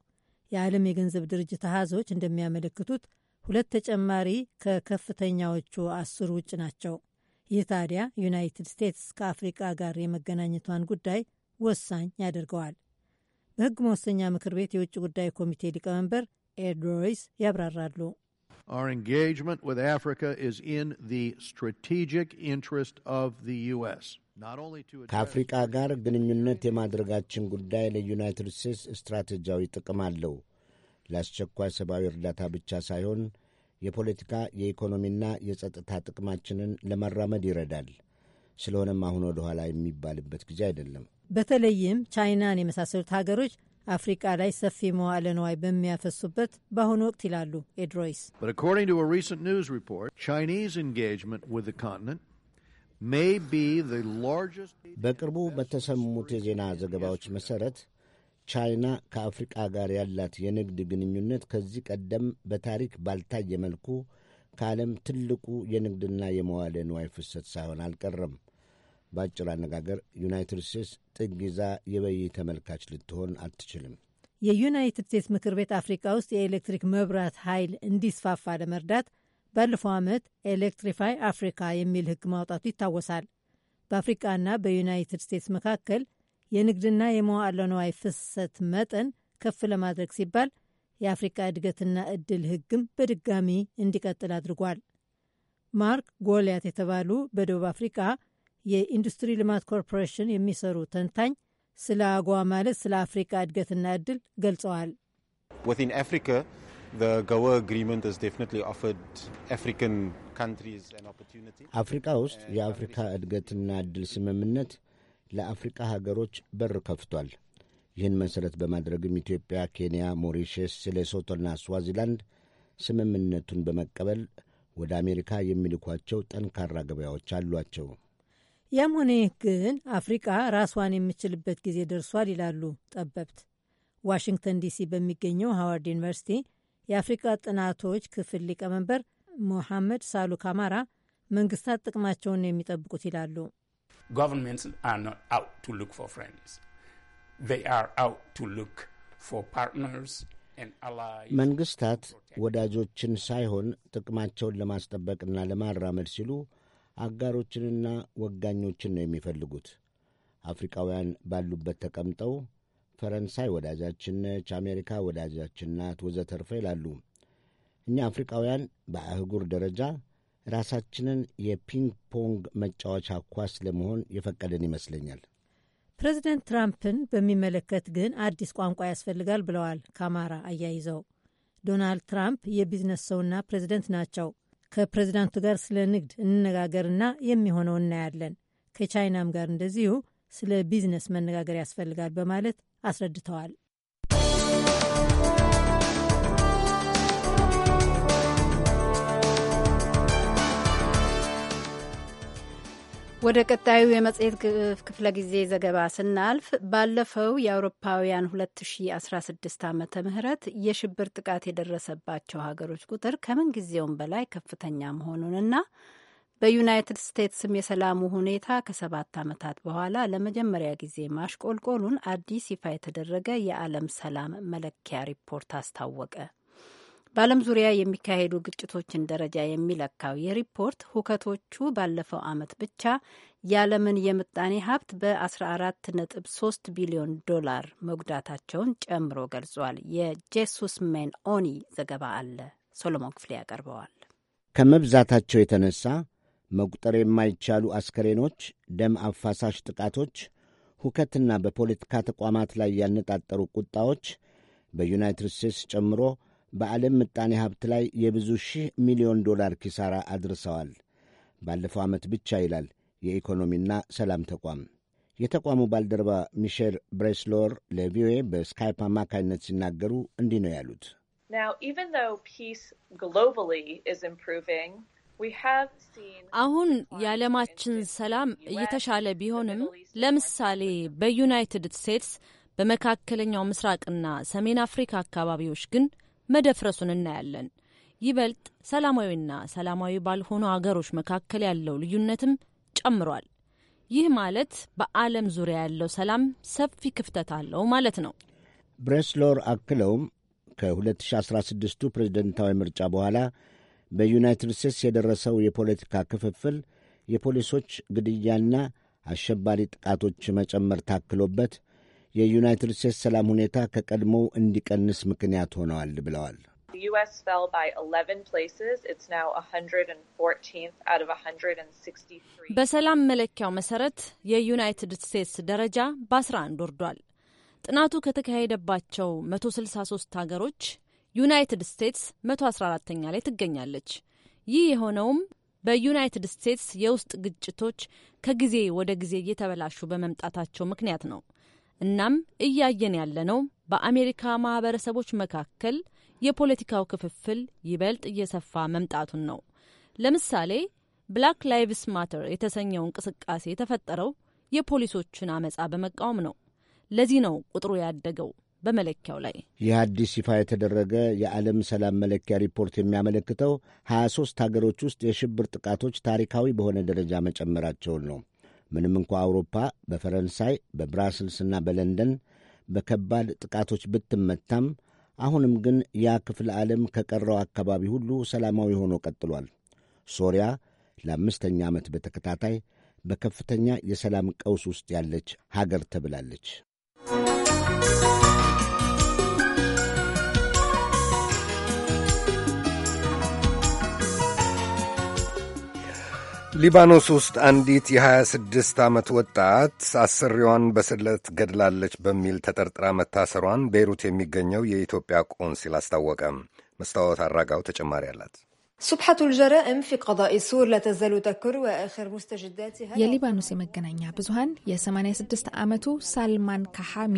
የዓለም የገንዘብ ድርጅት አሃዞች እንደሚያመለክቱት ሁለት ተጨማሪ ከከፍተኛዎቹ አስር ውጭ ናቸው። ይህ ታዲያ ዩናይትድ ስቴትስ ከአፍሪቃ ጋር የመገናኘቷን ጉዳይ ወሳኝ ያደርገዋል። በሕግ መወሰኛ ምክር ቤት የውጭ ጉዳይ ኮሚቴ ሊቀመንበር ኤድሮይስ ያብራራሉ። Our engagement with Africa is in the strategic interest of the U.S. ከአፍሪቃ ጋር ግንኙነት የማድረጋችን ጉዳይ ለዩናይትድ ስቴትስ ስትራቴጂያዊ ጥቅም አለው። ለአስቸኳይ ሰብአዊ እርዳታ ብቻ ሳይሆን የፖለቲካ የኢኮኖሚና የጸጥታ ጥቅማችንን ለማራመድ ይረዳል። ስለሆነም አሁን ወደ ኋላ የሚባልበት ጊዜ አይደለም። በተለይም ቻይናን የመሳሰሉት ሀገሮች አፍሪቃ ላይ ሰፊ መዋዕለ ንዋይ በሚያፈሱበት በአሁኑ ወቅት ይላሉ ኤድሮይስ። በቅርቡ በተሰሙት የዜና ዘገባዎች መሠረት ቻይና ከአፍሪቃ ጋር ያላት የንግድ ግንኙነት ከዚህ ቀደም በታሪክ ባልታየ መልኩ ከዓለም ትልቁ የንግድና የመዋለ ንዋይ ፍሰት ሳይሆን አልቀረም። በአጭር አነጋገር ዩናይትድ ስቴትስ ጥግ ይዛ የበይ ተመልካች ልትሆን አትችልም። የዩናይትድ ስቴትስ ምክር ቤት አፍሪካ ውስጥ የኤሌክትሪክ መብራት ኃይል እንዲስፋፋ ለመርዳት ባለፈው ዓመት ኤሌክትሪፋይ አፍሪካ የሚል ሕግ ማውጣቱ ይታወሳል። በአፍሪቃና በዩናይትድ ስቴትስ መካከል የንግድና የመዋዕለ ፍሰት መጠን ከፍ ለማድረግ ሲባል የአፍሪቃ እድገትና እድል ሕግም በድጋሚ እንዲቀጥል አድርጓል። ማርክ ጎልያት የተባሉ በደቡብ አፍሪካ የኢንዱስትሪ ልማት ኮርፖሬሽን የሚሰሩ ተንታኝ ስለ አጓ ማለት ስለ አፍሪካ እድገትና እድል ገልጸዋል። አፍሪካ ውስጥ የአፍሪካ እድገትና እድል ስምምነት ለአፍሪካ ሀገሮች በር ከፍቷል። ይህን መሠረት በማድረግም ኢትዮጵያ፣ ኬንያ፣ ሞሪሸስ፣ ሌሶቶና ስዋዚላንድ ስምምነቱን በመቀበል ወደ አሜሪካ የሚልኳቸው ጠንካራ ገበያዎች አሏቸው። ያም ሆነ ይህ ግን አፍሪቃ ራሷን የምችልበት ጊዜ ደርሷል ይላሉ ጠበብት። ዋሽንግተን ዲሲ በሚገኘው ሃዋርድ ዩኒቨርሲቲ የአፍሪቃ ጥናቶች ክፍል ሊቀመንበር ሞሐመድ ሳሉ ካማራ መንግስታት ጥቅማቸውን ነው የሚጠብቁት ይላሉ። መንግስታት ወዳጆችን ሳይሆን ጥቅማቸውን ለማስጠበቅና ለማራመድ ሲሉ አጋሮችንና ወጋኞችን ነው የሚፈልጉት። አፍሪካውያን ባሉበት ተቀምጠው ፈረንሳይ ወዳጃችን ነች፣ አሜሪካ ወዳጃችን ናት፣ ወዘተርፈ ይላሉ። እኛ አፍሪካውያን በአህጉር ደረጃ ራሳችንን የፒንግ ፖንግ መጫወቻ ኳስ ለመሆን የፈቀደን ይመስለኛል። ፕሬዚደንት ትራምፕን በሚመለከት ግን አዲስ ቋንቋ ያስፈልጋል ብለዋል ካማራ አያይዘው። ዶናልድ ትራምፕ የቢዝነስ ሰውና ፕሬዚደንት ናቸው። ከፕሬዚዳንቱ ጋር ስለ ንግድ እንነጋገርና የሚሆነው እናያለን። ከቻይናም ጋር እንደዚሁ ስለ ቢዝነስ መነጋገር ያስፈልጋል በማለት አስረድተዋል። ወደ ቀጣዩ የመጽሔት ክፍለ ጊዜ ዘገባ ስናልፍ ባለፈው የአውሮፓውያን 2016 ዓመተ ምህረት የሽብር ጥቃት የደረሰባቸው ሀገሮች ቁጥር ከምንጊዜውም በላይ ከፍተኛ መሆኑንና በዩናይትድ ስቴትስም የሰላሙ ሁኔታ ከሰባት ዓመታት በኋላ ለመጀመሪያ ጊዜ ማሽቆልቆሉን አዲስ ይፋ የተደረገ የዓለም ሰላም መለኪያ ሪፖርት አስታወቀ። በዓለም ዙሪያ የሚካሄዱ ግጭቶችን ደረጃ የሚለካው ይህ ሪፖርት ሁከቶቹ ባለፈው ዓመት ብቻ የዓለምን የምጣኔ ሀብት በ14.3 ቢሊዮን ዶላር መጉዳታቸውን ጨምሮ ገልጿል። የጄሱስ ሜን ኦኒ ዘገባ አለ። ሶሎሞን ክፍሌ ያቀርበዋል። ከመብዛታቸው የተነሳ መቁጠር የማይቻሉ አስከሬኖች፣ ደም አፋሳሽ ጥቃቶች፣ ሁከትና በፖለቲካ ተቋማት ላይ ያነጣጠሩ ቁጣዎች በዩናይትድ ስቴትስ ጨምሮ በዓለም ምጣኔ ሀብት ላይ የብዙ ሺህ ሚሊዮን ዶላር ኪሳራ አድርሰዋል። ባለፈው ዓመት ብቻ ይላል የኢኮኖሚና ሰላም ተቋም። የተቋሙ ባልደረባ ሚሼል ብሬስሎር ለቪኦኤ በስካይፕ አማካኝነት ሲናገሩ እንዲህ ነው ያሉት። አሁን የዓለማችን ሰላም እየተሻለ ቢሆንም ለምሳሌ በዩናይትድ ስቴትስ በመካከለኛው ምስራቅና ሰሜን አፍሪካ አካባቢዎች ግን መደፍረሱን እናያለን። ይበልጥ ሰላማዊና ሰላማዊ ባልሆኑ አገሮች መካከል ያለው ልዩነትም ጨምሯል። ይህ ማለት በዓለም ዙሪያ ያለው ሰላም ሰፊ ክፍተት አለው ማለት ነው። ብሬስሎር አክለውም ከ2016ቱ ፕሬዝደንታዊ ምርጫ በኋላ በዩናይትድ ስቴትስ የደረሰው የፖለቲካ ክፍፍል የፖሊሶች ግድያና አሸባሪ ጥቃቶች መጨመር ታክሎበት የዩናይትድ ስቴትስ ሰላም ሁኔታ ከቀድሞው እንዲቀንስ ምክንያት ሆነዋል ብለዋል። በሰላም መለኪያው መሰረት የዩናይትድ ስቴትስ ደረጃ በ11 ወርዷል። ጥናቱ ከተካሄደባቸው 163 ሀገሮች ዩናይትድ ስቴትስ 114ኛ ላይ ትገኛለች። ይህ የሆነውም በዩናይትድ ስቴትስ የውስጥ ግጭቶች ከጊዜ ወደ ጊዜ እየተበላሹ በመምጣታቸው ምክንያት ነው። እናም እያየን ያለነው በአሜሪካ ማህበረሰቦች መካከል የፖለቲካው ክፍፍል ይበልጥ እየሰፋ መምጣቱን ነው። ለምሳሌ ብላክ ላይቭስ ማተር የተሰኘው እንቅስቃሴ የተፈጠረው የፖሊሶችን አመጻ በመቃወም ነው። ለዚህ ነው ቁጥሩ ያደገው። በመለኪያው ላይ ይህ አዲስ ይፋ የተደረገ የዓለም ሰላም መለኪያ ሪፖርት የሚያመለክተው 23 ሀገሮች ውስጥ የሽብር ጥቃቶች ታሪካዊ በሆነ ደረጃ መጨመራቸውን ነው። ምንም እንኳ አውሮፓ በፈረንሳይ በብራስልስና በለንደን በከባድ ጥቃቶች ብትመታም አሁንም ግን ያ ክፍለ ዓለም ከቀረው አካባቢ ሁሉ ሰላማዊ ሆኖ ቀጥሏል። ሶሪያ ለአምስተኛ ዓመት በተከታታይ በከፍተኛ የሰላም ቀውስ ውስጥ ያለች ሀገር ተብላለች። ሊባኖስ ውስጥ አንዲት የ26 ዓመት ወጣት አስሪዋን በስለት ገድላለች በሚል ተጠርጥራ መታሰሯን ቤይሩት የሚገኘው የኢትዮጵያ ቆንሲል አስታወቀ። መስታወት አራጋው ተጨማሪ አላት። የሊባኖስ የመገናኛ ብዙሀን የ86 ዓመቱ ሳልማን ካሃሚ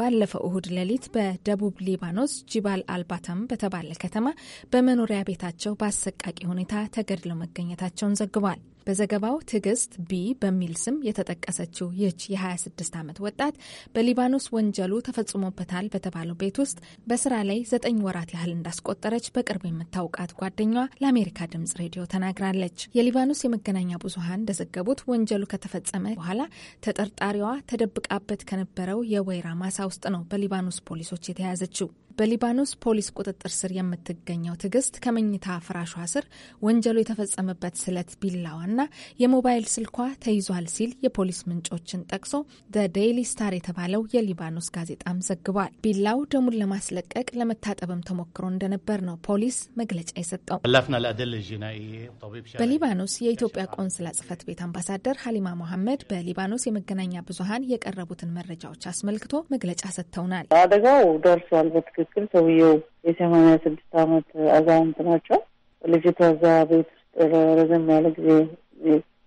ባለፈው እሁድ ሌሊት በደቡብ ሊባኖስ ጂባል አልባተም በተባለ ከተማ በመኖሪያ ቤታቸው በአሰቃቂ ሁኔታ ተገድለው መገኘታቸውን ዘግቧል። በዘገባው ትዕግስት ቢ በሚል ስም የተጠቀሰችው ይህች የ26 ዓመት ወጣት በሊባኖስ ወንጀሉ ተፈጽሞበታል በተባለው ቤት ውስጥ በስራ ላይ ዘጠኝ ወራት ያህል እንዳስቆጠረች በቅርብ የምታውቃት ጓደኛ ለአሜሪካ ድምጽ ሬዲዮ ተናግራለች። የሊባኖስ የመገናኛ ብዙኃን እንደዘገቡት ወንጀሉ ከተፈጸመ በኋላ ተጠርጣሪዋ ተደብቃበት ከነበረው የወይራ ማሳ ውስጥ ነው በሊባኖስ ፖሊሶች የተያዘችው። በሊባኖስ ፖሊስ ቁጥጥር ስር የምትገኘው ትዕግስት ከመኝታ ፍራሿ ስር ወንጀሉ የተፈጸመበት ስለት ቢላዋና የሞባይል ስልኳ ተይዟል ሲል የፖሊስ ምንጮችን ጠቅሶ ደ ዴይሊ ስታር የተባለው የሊባኖስ ጋዜጣም ዘግቧል። ቢላው ደሙን ለማስለቀቅ ለመታጠብም ተሞክሮ እንደነበር ነው ፖሊስ መግለጫ የሰጠው። በሊባኖስ የኢትዮጵያ ቆንስላ ጽህፈት ቤት አምባሳደር ሀሊማ መሐመድ በሊባኖስ የመገናኛ ብዙሀን የቀረቡትን መረጃዎች አስመልክቶ መግለጫ ሰጥተውናል። አደጋው ደርሷል በትክክል በትክክል ሰውየው የሰማንያ ስድስት አመት አዛውንት ናቸው። ልጅቷ እዛ ቤት ውስጥ ረዘም ያለ ጊዜ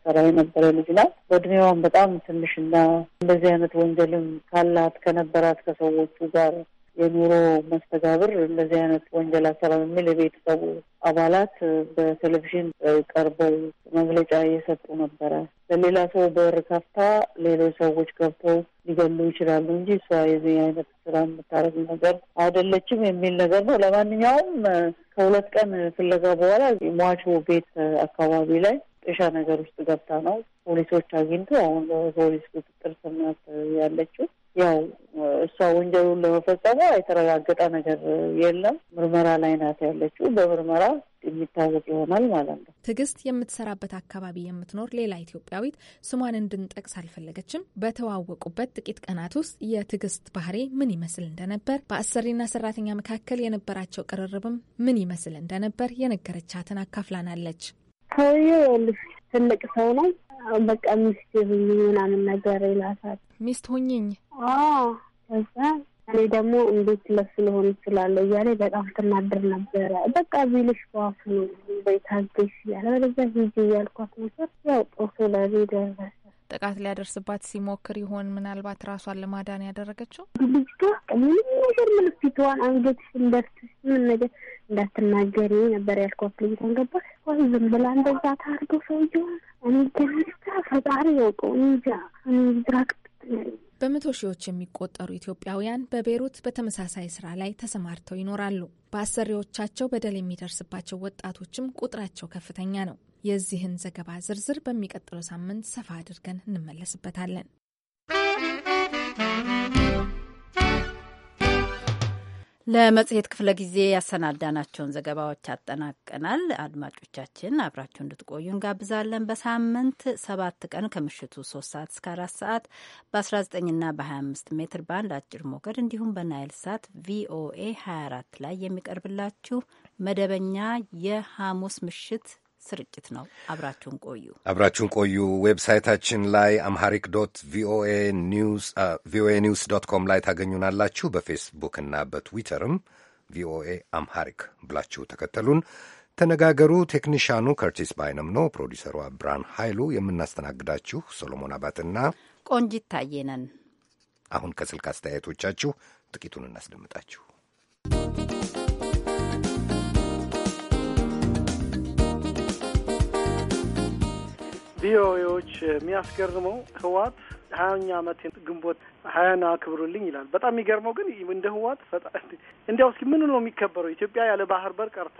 ሰራ የነበረ ልጅ ናት። በእድሜዋም በጣም ትንሽና እንደዚህ አይነት ወንጀልም ካላት ከነበራት ከሰዎቹ ጋር የኑሮ መስተጋብር እንደዚህ አይነት ወንጀል አሰራም የሚል የቤተሰቡ አባላት በቴሌቪዥን ቀርበው መግለጫ እየሰጡ ነበረ። ለሌላ ሰው በር ከፍታ ሌሎች ሰዎች ገብተው ሊገሉ ይችላሉ እንጂ እሷ የዚህ አይነት ስራ የምታደርግ ነገር አይደለችም የሚል ነገር ነው። ለማንኛውም ከሁለት ቀን ፍለጋ በኋላ ሟቹ ቤት አካባቢ ላይ ጥሻ ነገር ውስጥ ገብታ ነው ፖሊሶች አግኝቶ አሁን በፖሊስ ቁጥጥር ስር ያለችው። ያው እሷ ወንጀሉን ለመፈጸሙ የተረጋገጠ ነገር የለም። ምርመራ ላይ ናት ያለችው። በምርመራ የሚታወቅ ይሆናል ማለት ነው። ትዕግስት የምትሰራበት አካባቢ የምትኖር ሌላ ኢትዮጵያዊት ስሟን እንድንጠቅስ አልፈለገችም። በተዋወቁበት ጥቂት ቀናት ውስጥ የትዕግስት ባህሪ ምን ይመስል እንደነበር፣ በአሰሪና ሰራተኛ መካከል የነበራቸው ቅርርብም ምን ይመስል እንደነበር የነገረቻትን አካፍላናለች። ሰውዬው ትልቅ ሰው ነው። በቃ ሚስት ሁኝ ምናምን ነገር ይላታል። ሚስት ሁኝኝ ከዛ እኔ ደግሞ እንዴት ለሱ ልሆን እችላለሁ እያለ በጣም ትናድር ነበረ። በቃ ቢልሽ በአፉ ነው ታገሽ እያለ ወደዛ ጊዜ እያልኳት ነበር። ያው ጦሶ ለዚህ ደረሰ። ጥቃት ሊያደርስባት ሲሞክር ይሆን? ምናልባት ራሷን ለማዳን ያደረገችው ልጅቷ ምንም ነገር ምልክቷን አንገት እንደርት ምን ነገር እንዳትናገሪ ነበር ያልኳት። ልጅቷን ገባ ወይ ዝም ብላ እንደዛ ታርዶ ሰውየውን እኔ ገናልታ ፈጣሪ ያውቀው እንጃ እኔ ድራቅ በመቶ ሺዎች የሚቆጠሩ ኢትዮጵያውያን በቤይሩት በተመሳሳይ ስራ ላይ ተሰማርተው ይኖራሉ። በአሰሪዎቻቸው በደል የሚደርስባቸው ወጣቶችም ቁጥራቸው ከፍተኛ ነው። የዚህን ዘገባ ዝርዝር በሚቀጥለው ሳምንት ሰፋ አድርገን እንመለስበታለን። ለመጽሔት ክፍለ ጊዜ ያሰናዳናቸውን ዘገባዎች አጠናቀናል። አድማጮቻችን አብራችሁ እንድትቆዩ እንጋብዛለን። በሳምንት ሰባት ቀን ከምሽቱ ሶስት ሰዓት እስከ አራት ሰዓት በ19ና በ25 ሜትር ባንድ አጭር ሞገድ እንዲሁም በናይል ሳት ቪኦኤ 24 ላይ የሚቀርብላችሁ መደበኛ የሐሙስ ምሽት ስርጭት ነው። አብራችሁን ቆዩ አብራችሁን ቆዩ። ዌብሳይታችን ላይ አምሃሪክ ዶት ቪኦኤ ኒውስ ዶት ኮም ላይ ታገኙናላችሁ። በፌስቡክ እና በትዊተርም ቪኦኤ አምሃሪክ ብላችሁ ተከተሉን፣ ተነጋገሩ። ቴክኒሻኑ ከርቲስ ባይነም ነው። ፕሮዲሰሯ ብራን ኃይሉ፣ የምናስተናግዳችሁ ሶሎሞን አባትና ቆንጂት ታየ አሁን ከስልክ አስተያየቶቻችሁ ጥቂቱን እናስደምጣችሁ። ቪኦኤዎች የሚያስገርመው ህዋት ሀያኛ ዓመት ግንቦት ሀያን አክብሩልኝ ይላል። በጣም የሚገርመው ግን እንደ ህዋት እንዲያው እስኪ ምን ነው የሚከበረው? ኢትዮጵያ ያለ ባህር በር ቀርታ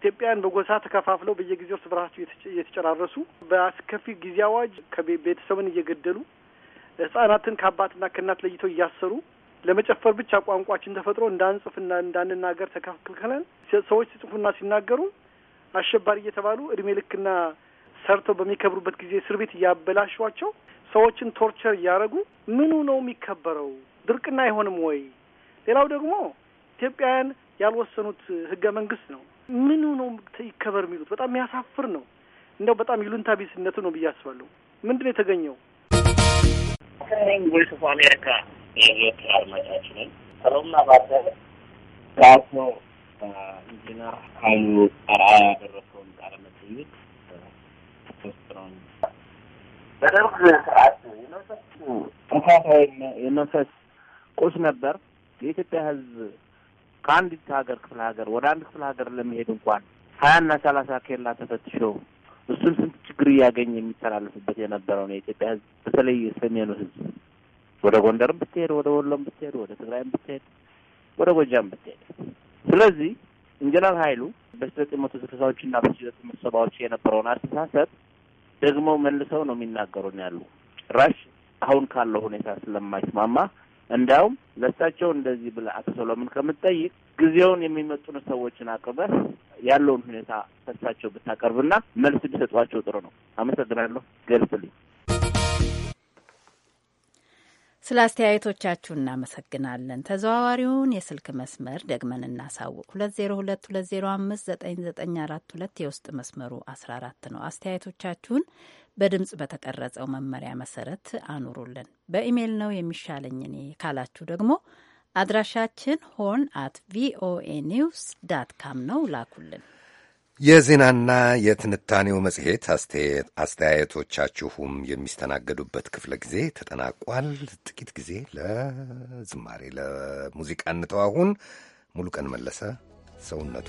ኢትዮጵያን በጎሳ ተከፋፍለው በየጊዜው እርስ በርሳቸው እየተጨራረሱ በአስከፊ ጊዜ አዋጅ ቤተሰብን እየገደሉ ህጻናትን ከአባትና ከእናት ለይተው እያሰሩ ለመጨፈር ብቻ ቋንቋችን ተፈጥሮ እንዳንጽፍና እንዳንናገር ተከልክለን ሰዎች ሲጽፉና ሲናገሩ አሸባሪ እየተባሉ እድሜ ልክና ሰርተው በሚከብሩበት ጊዜ እስር ቤት እያበላሿቸው ሰዎችን ቶርቸር እያደረጉ ምኑ ነው የሚከበረው? ድርቅና አይሆንም ወይ? ሌላው ደግሞ ኢትዮጵያውያን ያልወሰኑት ህገ መንግስት ነው። ምኑ ነው ይከበር የሚሉት? በጣም የሚያሳፍር ነው። እንደው በጣም ይሉንታ ቢስነቱ ነው ብዬ አስባለሁ። ምንድን ነው የተገኘው? ቮይስ ኦፍ አሜሪካ የሬት አድማጫችንን ሰሎምና ባተ ራሶ ኢንጂነር ሀይሉ አርአያ ያደረሰውን ቃለ መጠይቅ በደርግ ስርዓት የመንፈስ ቁስ ነበር። የኢትዮጵያ ህዝብ ከአንዲት ሀገር ክፍለ ሀገር ወደ አንድ ክፍለ ሀገር ለመሄድ እንኳን ሀያና ሰላሳ ኬላ ተፈትሾ እሱን ስንት ችግር እያገኘ የሚተላለፍበት የነበረውን የኢትዮጵያ ህዝብ በተለይ የሰሜኑ ህዝብ ወደ ጎንደርም ብትሄድ፣ ወደ ወሎም ብትሄድ፣ ወደ ትግራይም ብትሄድ፣ ወደ ጎጃም ብትሄድ ስለዚህ ኢንጂነር ሀይሉ በሺ መቶ ስልሳዎችና መቶ ሰባዎች የነበረውን አስተሳሰብ ደግሞ መልሰው ነው የሚናገሩን ያሉ ራሽ አሁን ካለው ሁኔታ ስለማይስማማ እንዲያውም ለሳቸው እንደዚህ ብለህ አቶ ሰሎሞን ከምትጠይቅ ጊዜውን የሚመጡን ሰዎችን አቅርበህ ያለውን ሁኔታ ከእሳቸው ብታቀርብና መልስ ቢሰጧቸው ጥሩ ነው። አመሰግናለሁ። ገልጽልኝ። ስለ አስተያየቶቻችሁ እናመሰግናለን። ተዘዋዋሪውን የስልክ መስመር ደግመን እናሳውቅ። 2022059942 የውስጥ መስመሩ 14 ነው። አስተያየቶቻችሁን በድምፅ በተቀረጸው መመሪያ መሰረት አኑሩልን። በኢሜይል ነው የሚሻለኝ እኔ ካላችሁ ደግሞ አድራሻችን ሆን አት ቪኦኤ ኒውስ ዳት ካም ነው። ላኩልን። የዜናና የትንታኔው መጽሔት አስተያየቶቻችሁም የሚስተናገዱበት ክፍለ ጊዜ ተጠናቋል። ጥቂት ጊዜ ለዝማሬ ለሙዚቃ እንተዋሁን። ሙሉ ቀን መለሰ ሰውነቷ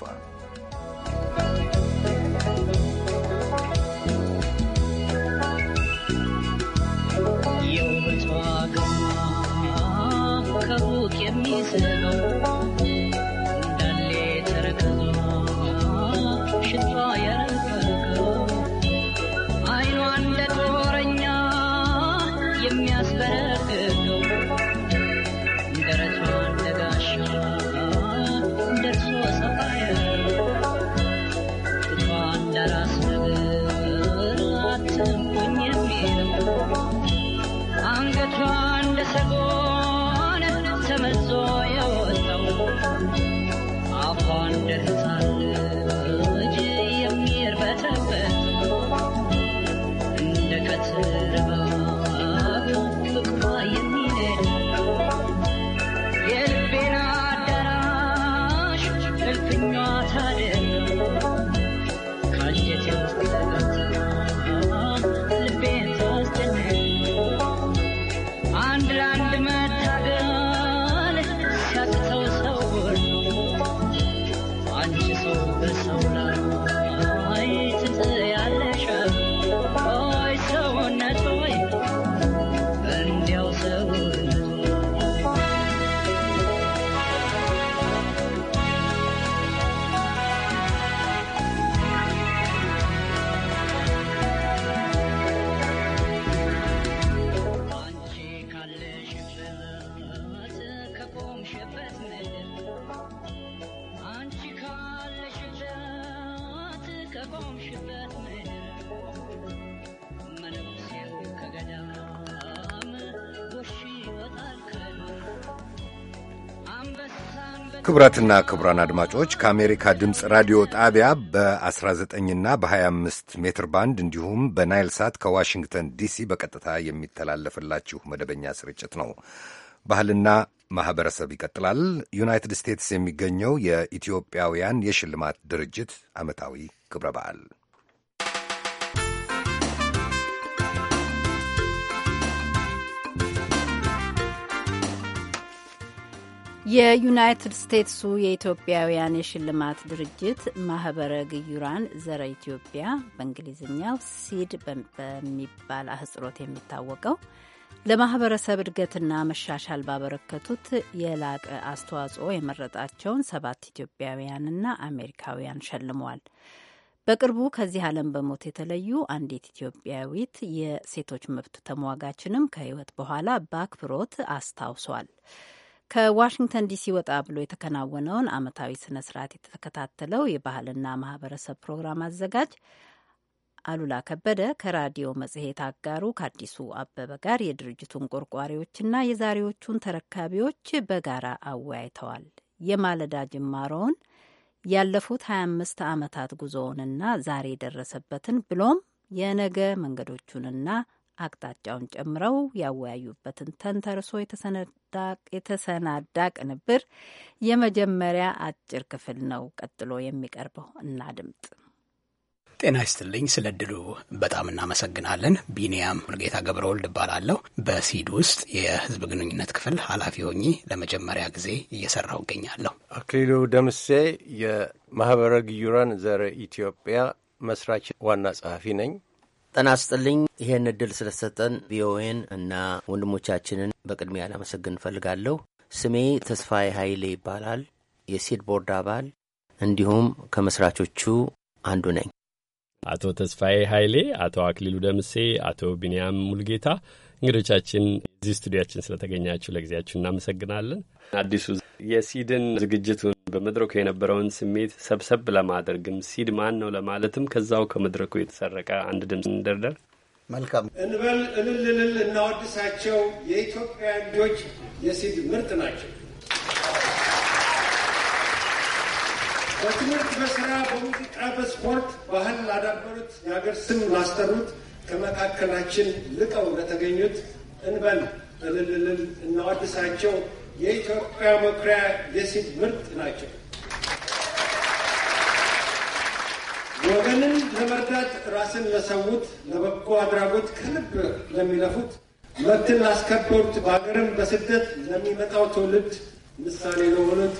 ክቡራትና ክቡራን አድማጮች ከአሜሪካ ድምፅ ራዲዮ ጣቢያ በ19ና በ25 ሜትር ባንድ እንዲሁም በናይል ሳት ከዋሽንግተን ዲሲ በቀጥታ የሚተላለፍላችሁ መደበኛ ስርጭት ነው። ባህልና ማኅበረሰብ ይቀጥላል። ዩናይትድ ስቴትስ የሚገኘው የኢትዮጵያውያን የሽልማት ድርጅት ዓመታዊ ክብረ በዓል የዩናይትድ ስቴትሱ የኢትዮጵያውያን የሽልማት ድርጅት ማህበረ ግዩራን ዘረ ኢትዮጵያ በእንግሊዝኛው ሲድ በሚባል አህጽሮት የሚታወቀው ለማህበረሰብ እድገትና መሻሻል ባበረከቱት የላቀ አስተዋጽኦ የመረጣቸውን ሰባት ኢትዮጵያውያንና አሜሪካውያን ሸልመዋል። በቅርቡ ከዚህ ዓለም በሞት የተለዩ አንዲት ኢትዮጵያዊት የሴቶች መብት ተሟጋችንም ከህይወት በኋላ በአክብሮት አስታውሷል። ከዋሽንግተን ዲሲ ወጣ ብሎ የተከናወነውን ዓመታዊ ስነ ስርዓት የተከታተለው የባህልና ማህበረሰብ ፕሮግራም አዘጋጅ አሉላ ከበደ ከራዲዮ መጽሔት አጋሩ ከአዲሱ አበበ ጋር የድርጅቱን ቆርቋሪዎችና የዛሬዎቹን ተረካቢዎች በጋራ አወያይተዋል። የማለዳ ጅማሮውን ያለፉት 25 ዓመታት ጉዞውንና ዛሬ የደረሰበትን ብሎም የነገ መንገዶቹንና አቅጣጫውን ጨምረው ያወያዩበትን ተንተርሶ የተሰናዳ ቅንብር የመጀመሪያ አጭር ክፍል ነው ቀጥሎ የሚቀርበው። እናድምጥ። ጤና ይስጥልኝ። ስለ እድሉ በጣም እናመሰግናለን። ቢኒያም ሙልጌታ ገብረወልድ እባላለሁ። በሲድ ውስጥ የህዝብ ግንኙነት ክፍል ኃላፊ ሆኜ ለመጀመሪያ ጊዜ እየሰራሁ እገኛለሁ። አክሊሉ ደምሴ የማህበረ ግዩራን ዘረ ኢትዮጵያ መስራች ዋና ጸሐፊ ነኝ። ጤና ይስጥልኝ። ይህን እድል ስለሰጠን ቪኦኤን እና ወንድሞቻችንን በቅድሚያ ላመሰግን እፈልጋለሁ። ስሜ ተስፋዬ ኃይሌ ይባላል። የሴድ ቦርድ አባል እንዲሁም ከመስራቾቹ አንዱ ነኝ። አቶ ተስፋዬ ኃይሌ፣ አቶ አክሊሉ ደምሴ፣ አቶ ቢንያም ሙልጌታ እንግዶቻችን እዚህ ስቱዲያችን ስለተገኛችሁ ለጊዜያችሁ እናመሰግናለን። አዲሱ የሲድን ዝግጅቱን በመድረኩ የነበረውን ስሜት ሰብሰብ ለማድረግም ሲድ ማን ነው ለማለትም ከዛው ከመድረኩ የተሰረቀ አንድ ድምፅ እንደርደር። መልካም እንበል፣ እልልልል እናወድሳቸው። የኢትዮጵያ ልጆች የሲድ ምርጥ ናቸው። በትምህርት፣ በስራ፣ በሙዚቃ፣ በስፖርት ባህል ላዳበሩት፣ የሀገር ስም ላስጠሩት ከመካከላችን ልቀው ለተገኙት እንበል እልልልል እናወድሳቸው። የኢትዮጵያ መኩሪያ የሲድ ምርጥ ናቸው። ወገንን ለመርዳት ራስን ለሰዉት ለበጎ አድራጎት ከልብ ለሚለፉት መብትን ላስከበሩት በሀገርም በስደት ለሚመጣው ትውልድ ምሳሌ ለሆኑት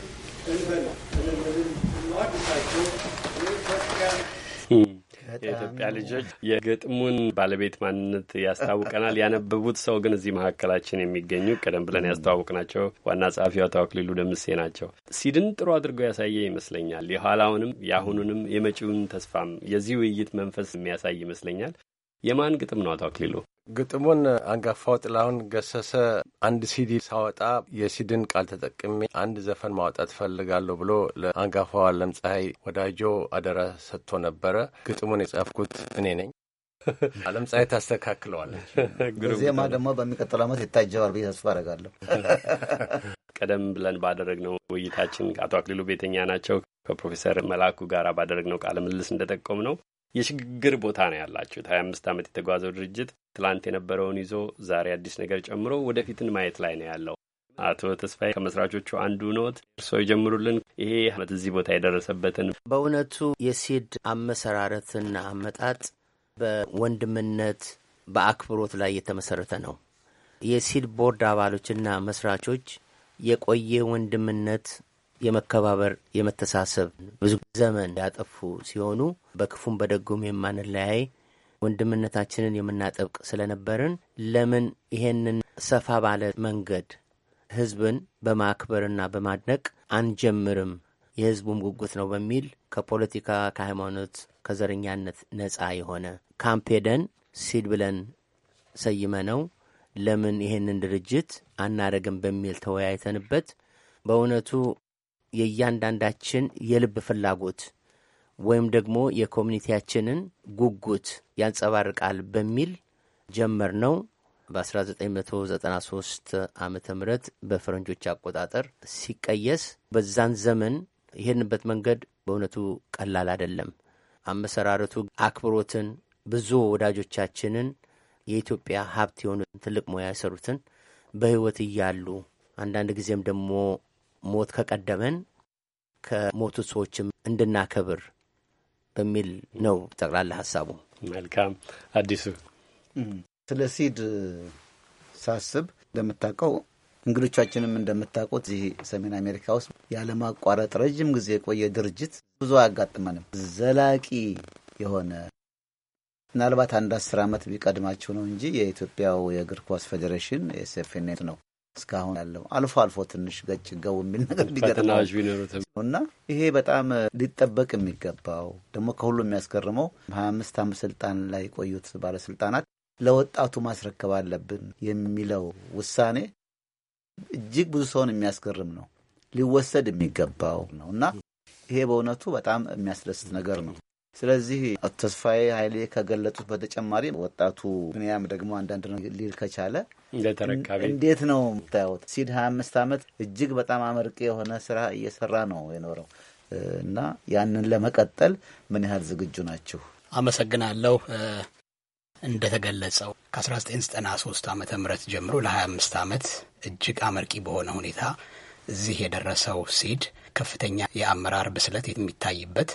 እንበል እልልልል እናወድሳቸው። የኢትዮጵያ ልጆች የግጥሙን ባለቤት ማንነት ያስታውቀናል። ያነበቡት ሰው ግን እዚህ መካከላችን የሚገኙ ቀደም ብለን ያስተዋወቅናቸው ዋና ጸሐፊው አቶ አክሊሉ ደምሴ ናቸው። ሲድን ጥሩ አድርገው ያሳየ ይመስለኛል። የኋላውንም የአሁኑንም የመጪውን ተስፋም የዚህ ውይይት መንፈስ የሚያሳይ ይመስለኛል። የማን ግጥም ነው አቶ አክሊሉ? ግጥሙን አንጋፋው ጥላሁን ገሰሰ አንድ ሲዲ ሳወጣ የሲድን ቃል ተጠቅሜ አንድ ዘፈን ማውጣት እፈልጋለሁ ብሎ ለአንጋፋው አለም ፀሐይ ወዳጆ አደራ ሰጥቶ ነበረ። ግጥሙን የጻፍኩት እኔ ነኝ። አለም ፀሐይ ታስተካክለዋለች። ዜማ ደግሞ በሚቀጥለው ዓመት ይታጀባል ብዬ ተስፋ አደርጋለሁ። ቀደም ብለን ባደረግነው ውይይታችን አቶ አክሊሉ ቤተኛ ናቸው ከፕሮፌሰር መላኩ ጋር ባደረግነው ቃለ ምልልስ እንደጠቆም ነው የሽግግር ቦታ ነው ያላችሁት። ሀያ አምስት ዓመት የተጓዘው ድርጅት ትላንት የነበረውን ይዞ ዛሬ አዲስ ነገር ጨምሮ ወደፊትን ማየት ላይ ነው ያለው። አቶ ተስፋዬ ከመስራቾቹ አንዱ ኖት፣ እርስዎ ይጀምሩልን። ይሄ ዓመት እዚህ ቦታ የደረሰበትን በእውነቱ የሲድ አመሰራረትና አመጣጥ በወንድምነት በአክብሮት ላይ የተመሰረተ ነው። የሲድ ቦርድ አባሎችና መስራቾች የቆየ ወንድምነት የመከባበር የመተሳሰብ ብዙ ዘመን ያጠፉ ሲሆኑ በክፉም በደጉም የማንለያይ ወንድምነታችንን የምናጠብቅ ስለነበርን ለምን ይሄንን ሰፋ ባለ መንገድ ህዝብን በማክበርና በማድነቅ አንጀምርም? የህዝቡም ጉጉት ነው በሚል ከፖለቲካ ከሃይማኖት፣ ከዘረኛነት ነፃ የሆነ ካምፔደን ሲድ ብለን ሰይመ ነው ለምን ይሄንን ድርጅት አናረግም በሚል ተወያይተንበት በእውነቱ የእያንዳንዳችን የልብ ፍላጎት ወይም ደግሞ የኮሚኒቲያችንን ጉጉት ያንጸባርቃል በሚል ጀመር ነው። በ1993 ዓ ም በፈረንጆች አቆጣጠር ሲቀየስ በዛን ዘመን ይሄንበት መንገድ በእውነቱ ቀላል አይደለም። አመሰራረቱ አክብሮትን፣ ብዙ ወዳጆቻችንን የኢትዮጵያ ሀብት የሆኑ ትልቅ ሙያ የሰሩትን በህይወት እያሉ አንዳንድ ጊዜም ደግሞ ሞት ከቀደመን ከሞቱት ሰዎችም እንድናከብር በሚል ነው ጠቅላላ ሀሳቡ። መልካም አዲሱ ስለ ሲድ ሳስብ እንደምታውቀው እንግዶቻችንም እንደምታውቁት እዚህ ሰሜን አሜሪካ ውስጥ ያለማቋረጥ ረዥም ጊዜ የቆየ ድርጅት ብዙ አያጋጥመንም። ዘላቂ የሆነ ምናልባት አንድ አስር ዓመት ቢቀድማቸው ነው እንጂ የኢትዮጵያው የእግር ኳስ ፌዴሬሽን ኤስኤፍኔት ነው እስካሁን ያለው አልፎ አልፎ ትንሽ ገጭ ገው የሚል ነገር ሊገጥመው እና ይሄ በጣም ሊጠበቅ የሚገባው ደግሞ ከሁሉ የሚያስገርመው ሀያ አምስት ዓመት ስልጣን ላይ የቆዩት ባለስልጣናት ለወጣቱ ማስረከብ አለብን የሚለው ውሳኔ እጅግ ብዙ ሰውን የሚያስገርም ነው። ሊወሰድ የሚገባው ነው እና ይሄ በእውነቱ በጣም የሚያስደስት ነገር ነው። ስለዚህ አቶ ተስፋዬ ኃይሌ ከገለጡት በተጨማሪ ወጣቱ ብንያም ደግሞ አንዳንድ ሊል ከቻለ እንዴት ነው የምታዩት? ሲድ ሀያ አምስት ዓመት እጅግ በጣም አመርቂ የሆነ ስራ እየሰራ ነው የኖረው እና ያንን ለመቀጠል ምን ያህል ዝግጁ ናችሁ? አመሰግናለሁ። እንደተገለጸው ከ1993 ዓ ም ጀምሮ ለ25 ዓመት እጅግ አመርቂ በሆነ ሁኔታ እዚህ የደረሰው ሲድ ከፍተኛ የአመራር ብስለት የሚታይበት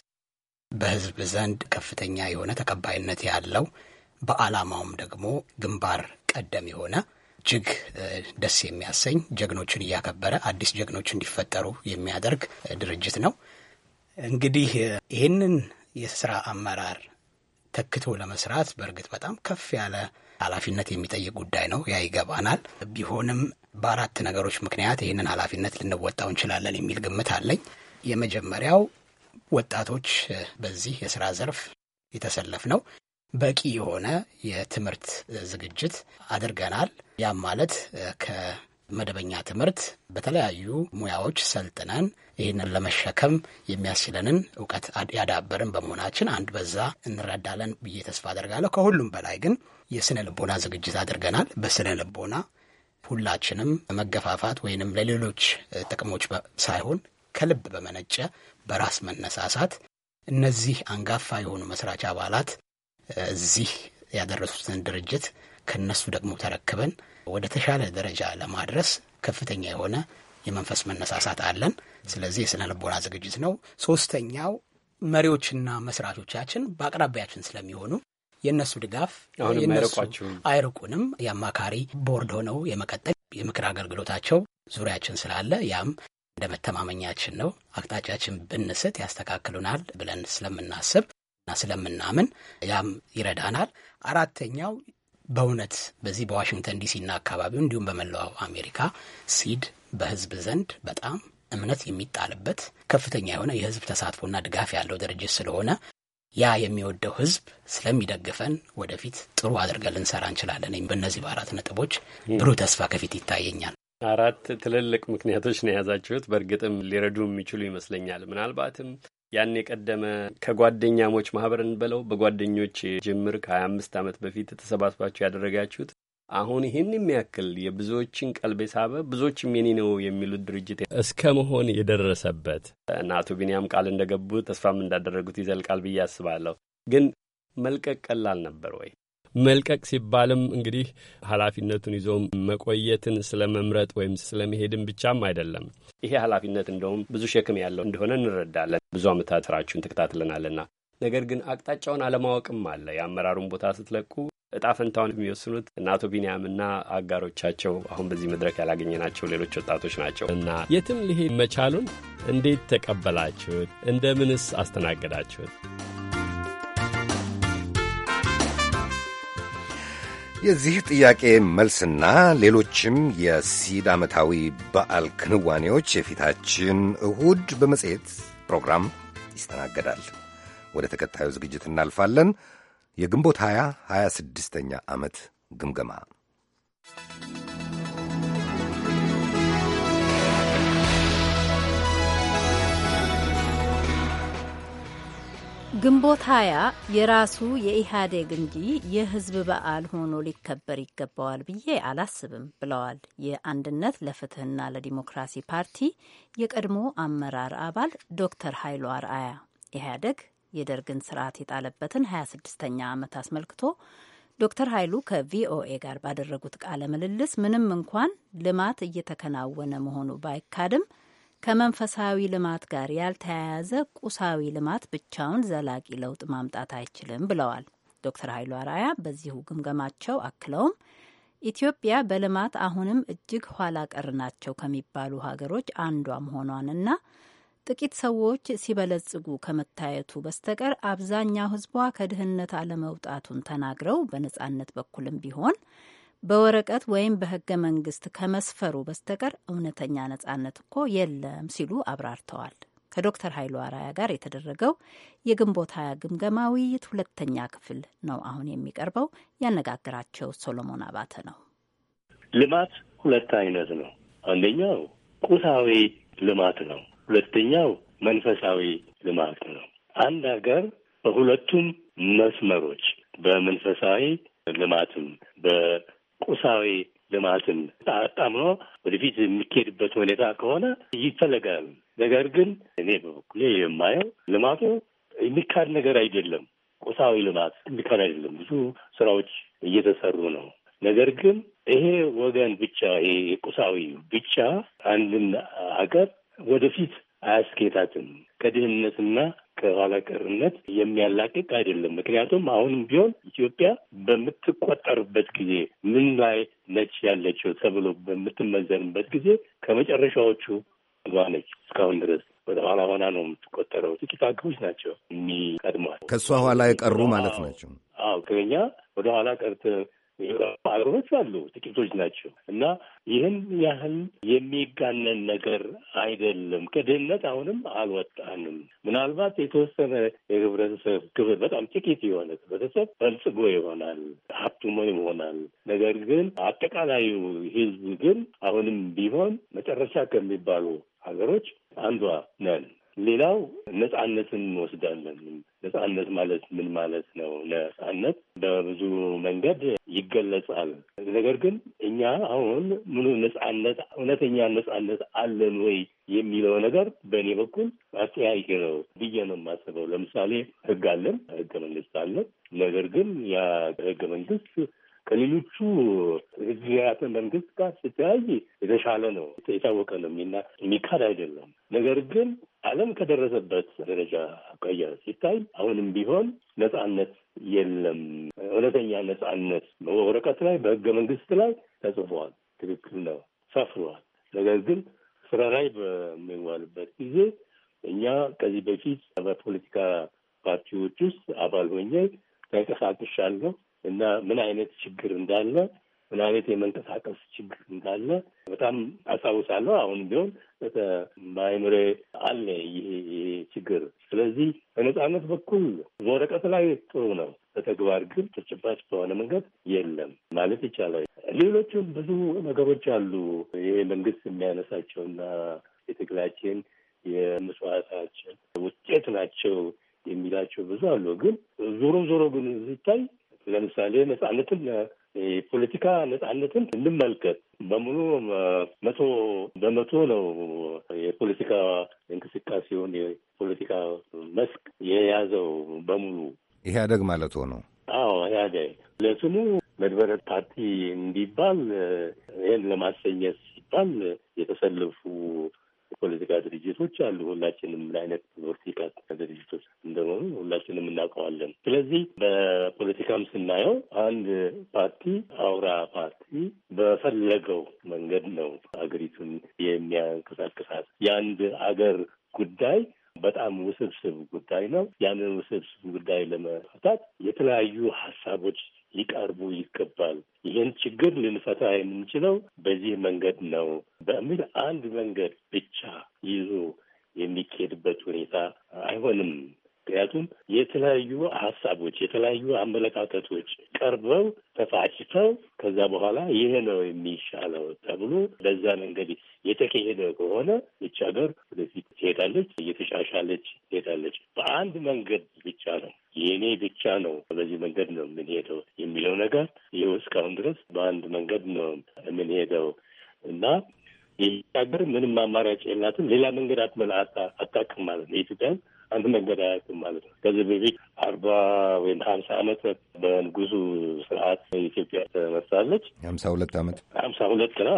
በህዝብ ዘንድ ከፍተኛ የሆነ ተቀባይነት ያለው በዓላማውም ደግሞ ግንባር ቀደም የሆነ እጅግ ደስ የሚያሰኝ ጀግኖችን እያከበረ አዲስ ጀግኖች እንዲፈጠሩ የሚያደርግ ድርጅት ነው። እንግዲህ ይህንን የስራ አመራር ተክቶ ለመስራት በእርግጥ በጣም ከፍ ያለ ኃላፊነት የሚጠይቅ ጉዳይ ነው። ያ ይገባናል። ቢሆንም በአራት ነገሮች ምክንያት ይህንን ኃላፊነት ልንወጣው እንችላለን የሚል ግምት አለኝ። የመጀመሪያው ወጣቶች በዚህ የስራ ዘርፍ የተሰለፍ ነው በቂ የሆነ የትምህርት ዝግጅት አድርገናል። ያም ማለት ከመደበኛ ትምህርት በተለያዩ ሙያዎች ሰልጥነን ይህንን ለመሸከም የሚያስችለንን እውቀት ያዳበርን በመሆናችን አንድ በዛ እንረዳለን ብዬ ተስፋ አደርጋለሁ። ከሁሉም በላይ ግን የስነ ልቦና ዝግጅት አድርገናል። በስነ ልቦና ሁላችንም መገፋፋት ወይንም ለሌሎች ጥቅሞች ሳይሆን ከልብ በመነጨ በራስ መነሳሳት እነዚህ አንጋፋ የሆኑ መስራች አባላት እዚህ ያደረሱትን ድርጅት ከነሱ ደግሞ ተረክበን ወደ ተሻለ ደረጃ ለማድረስ ከፍተኛ የሆነ የመንፈስ መነሳሳት አለን። ስለዚህ የስነ ልቦና ዝግጅት ነው። ሶስተኛው መሪዎችና መስራቾቻችን በአቅራቢያችን ስለሚሆኑ የእነሱ ድጋፍ አይርቁንም። የአማካሪ ቦርድ ሆነው የመቀጠል የምክር አገልግሎታቸው ዙሪያችን ስላለ ያም መተማመኛችን ነው። አቅጣጫችን ብንስት ያስተካክሉናል ብለን ስለምናስብ እና ስለምናምን ያም ይረዳናል። አራተኛው በእውነት በዚህ በዋሽንግተን ዲሲና አካባቢው እንዲሁም በመላው አሜሪካ ሲድ በህዝብ ዘንድ በጣም እምነት የሚጣልበት ከፍተኛ የሆነ የህዝብ ተሳትፎና ድጋፍ ያለው ድርጅት ስለሆነ ያ የሚወደው ህዝብ ስለሚደግፈን ወደፊት ጥሩ አድርገን ልንሰራ እንችላለን። በእነዚህ በአራት ነጥቦች ብሩህ ተስፋ ከፊት ይታየኛል። አራት ትልልቅ ምክንያቶች ነው የያዛችሁት። በእርግጥም ሊረዱ የሚችሉ ይመስለኛል። ምናልባትም ያን የቀደመ ከጓደኛሞች ማህበር እንበለው በጓደኞች ጅምር ከሀያ አምስት ዓመት በፊት ተሰባስባችሁ ያደረጋችሁት አሁን ይህን የሚያክል የብዙዎችን ቀልብ የሳበ ብዙዎችም የኔ ነው የሚሉት ድርጅት እስከ መሆን የደረሰበት እና አቶ ቢንያም ቃል እንደገቡት ተስፋም እንዳደረጉት ይዘልቃል ብዬ አስባለሁ። ግን መልቀቅ ቀላል ነበር ወይ? መልቀቅ ሲባልም እንግዲህ ኃላፊነቱን ይዞ መቆየትን ስለ መምረጥ ወይም ስለ መሄድን ብቻም አይደለም። ይሄ ኃላፊነት እንደውም ብዙ ሸክም ያለው እንደሆነ እንረዳለን። ብዙ ዓመታት ስራችሁን ተከታትለናልና፣ ነገር ግን አቅጣጫውን አለማወቅም አለ። የአመራሩን ቦታ ስትለቁ እጣ ፈንታውን የሚወስኑት እና አቶ ቢንያምና አጋሮቻቸው አሁን በዚህ መድረክ ያላገኘናቸው ሌሎች ወጣቶች ናቸው እና የትም ሊሄድ መቻሉን እንዴት ተቀበላችሁት? እንደምንስ አስተናገዳችሁት? የዚህ ጥያቄ መልስና ሌሎችም የሲድ ዓመታዊ በዓል ክንዋኔዎች የፊታችን እሁድ በመጽሔት ፕሮግራም ይስተናገዳል። ወደ ተከታዩ ዝግጅት እናልፋለን። የግንቦት 20 26ኛ ዓመት ግምገማ ግንቦት ሀያ የራሱ የኢህአዴግ እንጂ የህዝብ በዓል ሆኖ ሊከበር ይገባዋል ብዬ አላስብም ብለዋል የአንድነት ለፍትህና ለዲሞክራሲ ፓርቲ የቀድሞ አመራር አባል ዶክተር ሀይሉ አርአያ። ኢህአዴግ የደርግን ስርዓት የጣለበትን 26ኛ ዓመት አስመልክቶ ዶክተር ሀይሉ ከቪኦኤ ጋር ባደረጉት ቃለ ምልልስ ምንም እንኳን ልማት እየተከናወነ መሆኑ ባይካድም ከመንፈሳዊ ልማት ጋር ያልተያያዘ ቁሳዊ ልማት ብቻውን ዘላቂ ለውጥ ማምጣት አይችልም ብለዋል ዶክተር ኃይሉ አራያ በዚሁ ግምገማቸው አክለውም ኢትዮጵያ በልማት አሁንም እጅግ ኋላ ቀር ናቸው ከሚባሉ ሀገሮች አንዷ መሆኗንና ጥቂት ሰዎች ሲበለጽጉ ከመታየቱ በስተቀር አብዛኛው ሕዝቧ ከድህነት አለመውጣቱን ተናግረው በነጻነት በኩልም ቢሆን በወረቀት ወይም በህገ መንግስት ከመስፈሩ በስተቀር እውነተኛ ነጻነት እኮ የለም ሲሉ አብራርተዋል። ከዶክተር ኃይሉ አራያ ጋር የተደረገው የግንቦት ሀያ ግምገማ ውይይት ሁለተኛ ክፍል ነው አሁን የሚቀርበው። ያነጋግራቸው ሶሎሞን አባተ ነው። ልማት ሁለት አይነት ነው። አንደኛው ቁሳዊ ልማት ነው። ሁለተኛው መንፈሳዊ ልማት ነው። አንድ ሀገር በሁለቱም መስመሮች በመንፈሳዊ ልማትም ቁሳዊ ልማትን አጣምሮ ወደፊት የሚካሄድበት ሁኔታ ከሆነ ይፈለጋል። ነገር ግን እኔ በበኩሌ የማየው ልማቱ የሚካድ ነገር አይደለም። ቁሳዊ ልማት የሚካድ አይደለም። ብዙ ስራዎች እየተሰሩ ነው። ነገር ግን ይሄ ወገን ብቻ ይሄ ቁሳዊ ብቻ አንድን ሀገር ወደፊት አያስኬታትም። ከድህነትና ከኋላ ቀርነት የሚያላቅቅ አይደለም። ምክንያቱም አሁንም ቢሆን ኢትዮጵያ በምትቆጠርበት ጊዜ ምን ላይ ነች ያለችው ተብሎ በምትመዘንበት ጊዜ ከመጨረሻዎቹ ነች። እስካሁን ድረስ ወደ ኋላ ሆና ነው የምትቆጠረው። ጥቂት አገሮች ናቸው የሚቀድሟት። ከእሷ ኋላ የቀሩ ማለት ናቸው። አዎ ከኛ ወደ ኋላ ቀርተ አገሮች አሉ፣ ጥቂቶች ናቸው እና ይህን ያህል የሚጋነን ነገር አይደለም። ከድህነት አሁንም አልወጣንም። ምናልባት የተወሰነ የህብረተሰብ ክፍል በጣም ጥቂት የሆነ ህብረተሰብ በልጽጎ ይሆናል፣ ሀብቱሞ ይሆናል። ነገር ግን አጠቃላዩ ህዝብ ግን አሁንም ቢሆን መጨረሻ ከሚባሉ ሀገሮች አንዷ ነን። ሌላው ነጻነትን እንወስዳለን። ነጻነት ማለት ምን ማለት ነው? ነጻነት በብዙ መንገድ ይገለጻል። ነገር ግን እኛ አሁን ምኑ ነጻነት፣ እውነተኛ ነጻነት አለን ወይ የሚለው ነገር በእኔ በኩል አጠያቂ ነው ብዬ ነው የማስበው። ለምሳሌ ህግ አለን፣ ህገ መንግስት አለን። ነገር ግን ያ ህገ መንግስት ከሌሎቹ ጊዜያት መንግስት ጋር ስተያይ የተሻለ ነው፣ የታወቀ ነው፣ የሚካድ አይደለም። ነገር ግን ዓለም ከደረሰበት ደረጃ አኳያ ሲታይ አሁንም ቢሆን ነጻነት የለም። እውነተኛ ነጻነት ወረቀት ላይ በህገ መንግስት ላይ ተጽፏል፣ ትክክል ነው፣ ሰፍሯል። ነገር ግን ስራ ላይ በሚዋልበት ጊዜ እኛ ከዚህ በፊት በፖለቲካ ፓርቲዎች ውስጥ አባል ሆኜ ተንቀሳቅሻለሁ እና ምን አይነት ችግር እንዳለ ምን አይነት የመንቀሳቀስ ችግር እንዳለ በጣም አስታውሳለሁ። አሁን ቢሆን በአይምሮ አለ ይሄ ችግር። ስለዚህ በነጻነት በኩል በወረቀት ላይ ጥሩ ነው፣ በተግባር ግን ተጨባጭ በሆነ መንገድ የለም ማለት ይቻላል። ሌሎችም ብዙ ነገሮች አሉ። ይሄ መንግስት የሚያነሳቸውና የትግላችን የመስዋዕታችን ውጤት ናቸው የሚላቸው ብዙ አሉ። ግን ዞሮ ዞሮ ግን ሲታይ ለምሳሌ ነጻነትን የፖለቲካ ነጻነትን እንመልከት። በሙሉ መቶ በመቶ ነው የፖለቲካ እንቅስቃሴውን የፖለቲካ መስክ የያዘው በሙሉ ኢህአደግ ማለት ሆኖ አዎ ኢህአደግ ለስሙ መድበረ ፓርቲ እንዲባል ይህን ለማሰኘት ሲባል የተሰለፉ ፖለቲካ ድርጅቶች አሉ። ሁላችንም ምን አይነት ፖለቲካ ድርጅቶች እንደሆኑ ሁላችንም እናውቀዋለን። ስለዚህ በፖለቲካም ስናየው አንድ ፓርቲ አውራ ፓርቲ በፈለገው መንገድ ነው ሀገሪቱን የሚያንቀሳቅሳት። የአንድ አገር ጉዳይ በጣም ውስብስብ ጉዳይ ነው። ያንን ውስብስብ ጉዳይ ለመፍታት የተለያዩ ሀሳቦች ሊቀርቡ ይገባል። ይህን ችግር ልንፈታ የምንችለው በዚህ መንገድ ነው በሚል አንድ መንገድ ብቻ ይዞ የሚካሄድበት ሁኔታ አይሆንም ምክንያቱም የተለያዩ ሀሳቦች የተለያዩ አመለካከቶች ቀርበው ተፋጭተው ከዛ በኋላ ይሄ ነው የሚሻለው ተብሎ በዛ መንገድ የተካሄደ ከሆነ ይች ሀገር ወደፊት ትሄዳለች፣ እየተሻሻለች ትሄዳለች። በአንድ መንገድ ብቻ ነው የእኔ ብቻ ነው በዚህ መንገድ ነው የምንሄደው የሚለው ነገር ይህ እስካሁን ድረስ በአንድ መንገድ ነው የምንሄደው እና ይህ ሀገር ምንም አማራጭ የላትም። ሌላ መንገድ አትመላ አታውቅም ማለት ነው ኢትዮጵያን መንገድ መጎዳያቱም ማለት ነው። ከዚህ በፊት አርባ ወይም ሀምሳ አመት በንጉሱ ስርዓት ኢትዮጵያ ተመርታለች። ሀምሳ ሁለት አመት ሀምሳ ሁለት ነው።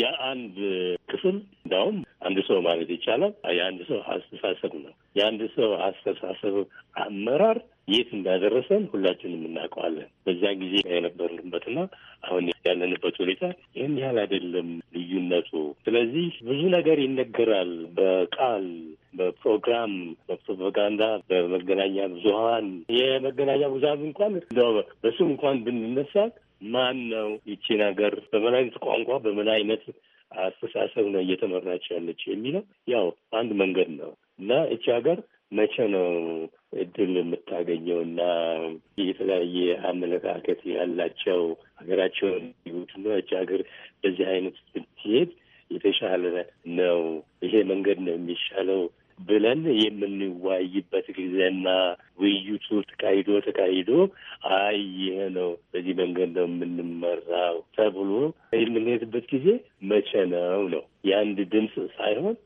የአንድ ክፍል እንዲያውም አንድ ሰው ማለት ይቻላል የአንድ ሰው አስተሳሰብ ነው። የአንድ ሰው አስተሳሰብ አመራር የት እንዳደረሰን ሁላችንም እናውቀዋለን። በዚያ ጊዜ የነበርንበትና አሁን ያለንበት ሁኔታ ይህን ያህል አይደለም ልዩነቱ። ስለዚህ ብዙ ነገር ይነገራል በቃል በፕሮግራም፣ በፕሮፓጋንዳ፣ በመገናኛ ብዙሀን የመገናኛ ብዙሀን እንኳን እንደው እንኳን ብንነሳ ማን ነው ይቺ ነገር በምን አይነት ቋንቋ በምን አይነት አስተሳሰብ ነው እየተመራች ያለች የሚለው ያው አንድ መንገድ ነው እና እቺ ሀገር መቼ ነው እድል የምታገኘው? እና የተለያየ አመለካከት ያላቸው ሀገራቸውን ይሁትና እጅ ሀገር በዚህ አይነት ብትሄድ የተሻለ ነው፣ ይሄ መንገድ ነው የሚሻለው ብለን የምንዋይበት ጊዜና ውይይቱ ተካሂዶ ተካሂዶ አይ ይሄ ነው በዚህ መንገድ ነው የምንመራው ተብሎ የምንሄድበት ጊዜ መቼ ነው ነው የአንድ ድምፅ ሳይሆን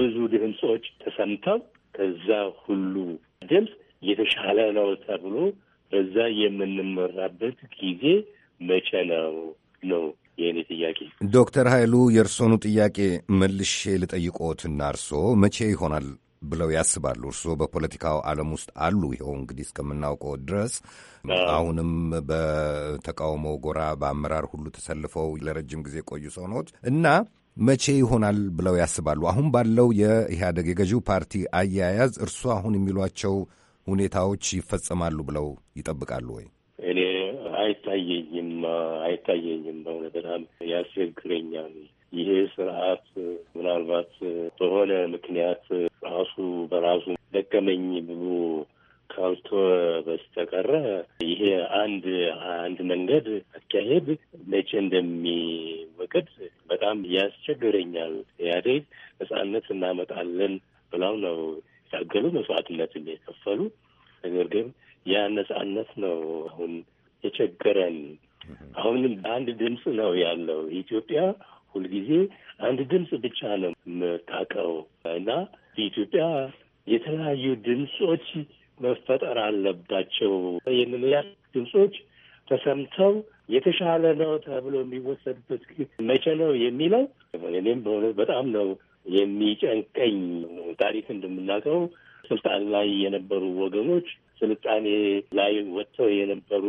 ብዙ ድምፆች ተሰምተው ከዛ ሁሉ ድምፅ የተሻለ ነው ተብሎ በዛ የምንመራበት ጊዜ መቼ ነው ነው የእኔ ጥያቄ። ዶክተር ኃይሉ የእርሶኑ ጥያቄ መልሼ ልጠይቆትና እርሶ መቼ ይሆናል ብለው ያስባሉ? እርስዎ በፖለቲካው ዓለም ውስጥ አሉ። ይኸው እንግዲህ እስከምናውቀው ድረስ አሁንም በተቃውሞ ጎራ በአመራር ሁሉ ተሰልፈው ለረጅም ጊዜ ቆዩ ሰው ነዎት እና መቼ ይሆናል ብለው ያስባሉ? አሁን ባለው የኢህአደግ የገዢው ፓርቲ አያያዝ እርሱ አሁን የሚሏቸው ሁኔታዎች ይፈጸማሉ ብለው ይጠብቃሉ ወይ? እኔ አይታየኝም አይታየኝም። በሆነ በጣም ያስቸግረኛል። ይሄ ስርዓት ምናልባት በሆነ ምክንያት ራሱ በራሱ ደከመኝ ብሎ ካልቶ በስተቀረ ይሄ አንድ አንድ መንገድ አካሄድ መቼ እንደሚወቅድ በጣም ያስቸግረኛል። ኢህአዴግ ነጻነት እናመጣለን ብለው ነው የታገሉ መስዋዕትነት የከፈሉ። ነገር ግን ያ ነጻነት ነው አሁን የቸገረን። አሁንም አንድ ድምፅ ነው ያለው ኢትዮጵያ ሁልጊዜ አንድ ድምፅ ብቻ ነው የምታውቀው እና በኢትዮጵያ የተለያዩ ድምፆች መፈጠር አለባቸው። ይህንን ያል ድምፆች ተሰምተው የተሻለ ነው ተብሎ የሚወሰድበት መቼ ነው የሚለው እኔም በሆነ በጣም ነው የሚጨንቀኝ። ታሪክ እንደምናውቀው ስልጣን ላይ የነበሩ ወገኖች ስልጣኔ ላይ ወጥተው የነበሩ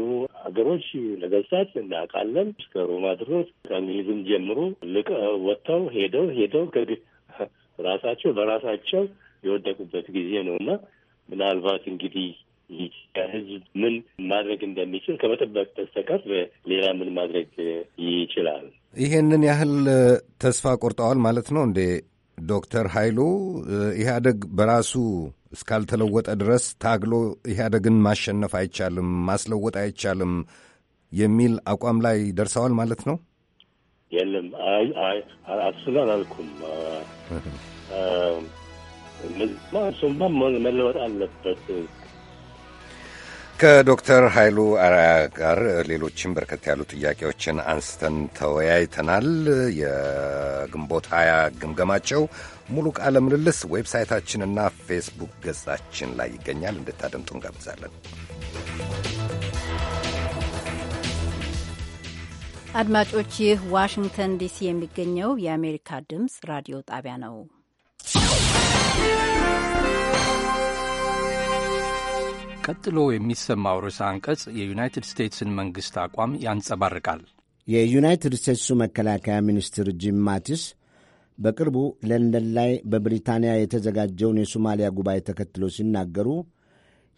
ሀገሮች ነገስታት እናውቃለን። እስከ ሮማ ድሮት ከእንግሊዝም ጀምሮ ልቀ ወጥተው ሄደው ሄደው ከግ ራሳቸው በራሳቸው የወደቁበት ጊዜ ነው እና ምናልባት እንግዲህ ህዝብ ምን ማድረግ እንደሚችል ከመጠበቅ በስተቀር ሌላ ምን ማድረግ ይችላል? ይሄንን ያህል ተስፋ ቆርጠዋል ማለት ነው እንዴ? ዶክተር ኃይሉ ኢህአደግ በራሱ እስካልተለወጠ ድረስ ታግሎ ኢህአደግን ማሸነፍ አይቻልም፣ ማስለወጥ አይቻልም የሚል አቋም ላይ ደርሰዋል ማለት ነው? የለም፣ አይ አይ እሱማ መለወጥ አለበት። ከዶክተር ኃይሉ አርአያ ጋር ሌሎችም በርከት ያሉ ጥያቄዎችን አንስተን ተወያይተናል። የግንቦት ሀያ ግምገማቸው ሙሉ ቃለ ምልልስ ዌብሳይታችንና ፌስቡክ ገጻችን ላይ ይገኛል። እንድታደምጡ እንጋብዛለን። አድማጮች፣ ይህ ዋሽንግተን ዲሲ የሚገኘው የአሜሪካ ድምፅ ራዲዮ ጣቢያ ነው። ቀጥሎ የሚሰማው ርዕሰ አንቀጽ የዩናይትድ ስቴትስን መንግሥት አቋም ያንጸባርቃል። የዩናይትድ ስቴትሱ መከላከያ ሚኒስትር ጂም ማቲስ በቅርቡ ለንደን ላይ በብሪታንያ የተዘጋጀውን የሶማሊያ ጉባኤ ተከትሎ ሲናገሩ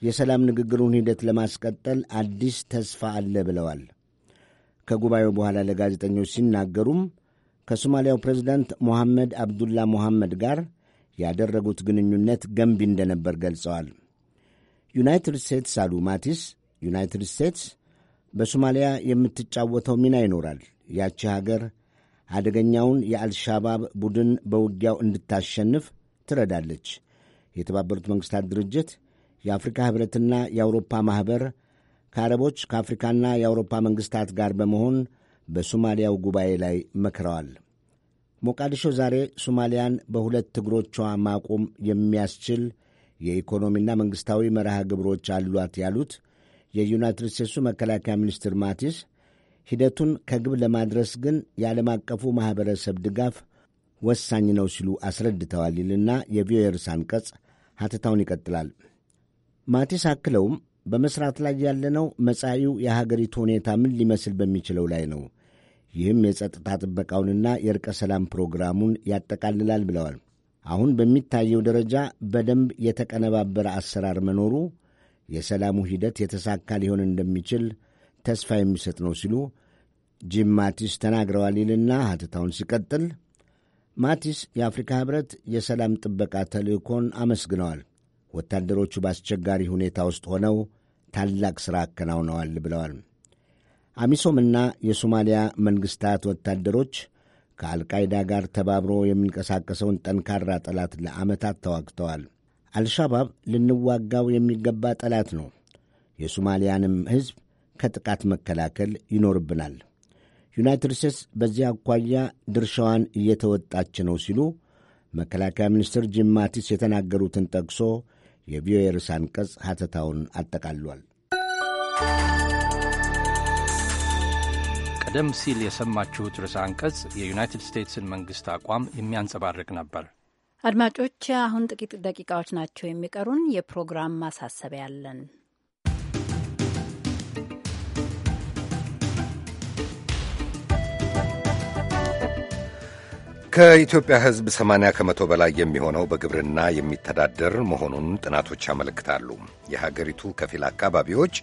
የሰላም ንግግሩን ሂደት ለማስቀጠል አዲስ ተስፋ አለ ብለዋል። ከጉባኤው በኋላ ለጋዜጠኞች ሲናገሩም ከሶማሊያው ፕሬዚዳንት ሞሐመድ አብዱላ ሞሐመድ ጋር ያደረጉት ግንኙነት ገንቢ እንደነበር ገልጸዋል። ዩናይትድ ስቴትስ አሉ ማቲስ፣ ዩናይትድ ስቴትስ በሶማሊያ የምትጫወተው ሚና ይኖራል። ያቺ ሀገር አደገኛውን የአልሻባብ ቡድን በውጊያው እንድታሸንፍ ትረዳለች። የተባበሩት መንግሥታት ድርጅት የአፍሪካ ኅብረትና የአውሮፓ ማኅበር ከአረቦች ከአፍሪካና የአውሮፓ መንግሥታት ጋር በመሆን በሶማሊያው ጉባኤ ላይ መክረዋል። ሞቃዲሾ ዛሬ ሶማሊያን በሁለት እግሮቿ ማቆም የሚያስችል የኢኮኖሚና መንግሥታዊ መርሃ ግብሮች አሏት ያሉት የዩናይትድ ስቴትሱ መከላከያ ሚኒስትር ማቲስ ሂደቱን ከግብ ለማድረስ ግን የዓለም አቀፉ ማኅበረሰብ ድጋፍ ወሳኝ ነው ሲሉ አስረድተዋል ይልና የቪኦኤ አንቀጽ ሐተታውን ይቀጥላል። ማቲስ አክለውም በመሥራት ላይ ያለነው መጻኢው የሀገሪቱ ሁኔታ ምን ሊመስል በሚችለው ላይ ነው። ይህም የጸጥታ ጥበቃውንና የእርቀ ሰላም ፕሮግራሙን ያጠቃልላል ብለዋል። አሁን በሚታየው ደረጃ በደንብ የተቀነባበረ አሰራር መኖሩ የሰላሙ ሂደት የተሳካ ሊሆን እንደሚችል ተስፋ የሚሰጥ ነው ሲሉ ጂም ማቲስ ተናግረዋል ይልና ሀተታውን ሲቀጥል ማቲስ የአፍሪካ ኅብረት የሰላም ጥበቃ ተልእኮን አመስግነዋል። ወታደሮቹ በአስቸጋሪ ሁኔታ ውስጥ ሆነው ታላቅ ሥራ አከናውነዋል ብለዋል። አሚሶምና የሶማሊያ መንግሥታት ወታደሮች ከአልቃይዳ ጋር ተባብሮ የሚንቀሳቀሰውን ጠንካራ ጠላት ለዓመታት ተዋግተዋል። አልሻባብ ልንዋጋው የሚገባ ጠላት ነው። የሶማሊያንም ሕዝብ ከጥቃት መከላከል ይኖርብናል። ዩናይትድ ስቴትስ በዚህ አኳያ ድርሻዋን እየተወጣች ነው ሲሉ መከላከያ ሚኒስትር ጂም ማቲስ የተናገሩትን ጠቅሶ የቪኦኤ ርዕሰ አንቀጽ ሐተታውን አጠቃልሏል። ቀደም ሲል የሰማችሁት ርዕሰ አንቀጽ የዩናይትድ ስቴትስን መንግስት አቋም የሚያንጸባርቅ ነበር። አድማጮች፣ አሁን ጥቂት ደቂቃዎች ናቸው የሚቀሩን። የፕሮግራም ማሳሰቢያ አለን። ከኢትዮጵያ ሕዝብ 80 ከመቶ በላይ የሚሆነው በግብርና የሚተዳደር መሆኑን ጥናቶች ያመለክታሉ። የሀገሪቱ ከፊል አካባቢዎች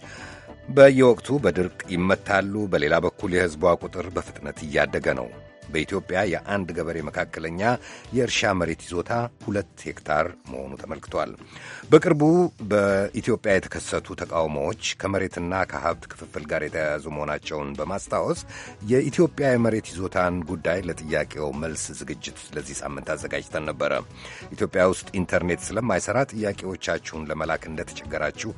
በየወቅቱ በድርቅ ይመታሉ። በሌላ በኩል የሕዝቧ ቁጥር በፍጥነት እያደገ ነው። በኢትዮጵያ የአንድ ገበሬ መካከለኛ የእርሻ መሬት ይዞታ ሁለት ሄክታር መሆኑ ተመልክቷል። በቅርቡ በኢትዮጵያ የተከሰቱ ተቃውሞዎች ከመሬትና ከሀብት ክፍፍል ጋር የተያያዙ መሆናቸውን በማስታወስ የኢትዮጵያ የመሬት ይዞታን ጉዳይ ለጥያቄው መልስ ዝግጅት ለዚህ ሳምንት አዘጋጅተን ነበረ። ኢትዮጵያ ውስጥ ኢንተርኔት ስለማይሰራ ጥያቄዎቻችሁን ለመላክ እንደተቸገራችሁ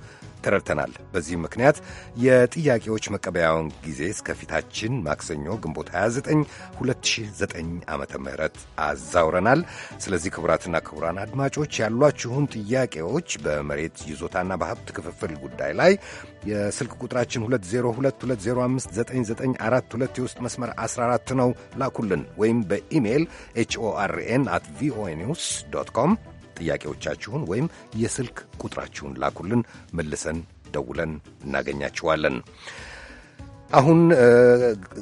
ተረድተናል። በዚህም ምክንያት የጥያቄዎች መቀበያውን ጊዜ እስከፊታችን ማክሰኞ ግንቦት 29 2009 ዓ ም አዛውረናል። ስለዚህ ክቡራትና ክቡራን አድማጮች ያሏችሁን ጥያቄዎች በመሬት ይዞታና በሀብት ክፍፍል ጉዳይ ላይ የስልክ ቁጥራችን 2022059942 የውስጥ መስመር 14 ነው። ላኩልን ወይም በኢሜይል ኤችኦአርኤን አት ቪኦኤ ኒውስ ዶት ኮም ጥያቄዎቻችሁን ወይም የስልክ ቁጥራችሁን ላኩልን። መልሰን ደውለን እናገኛችኋለን። አሁን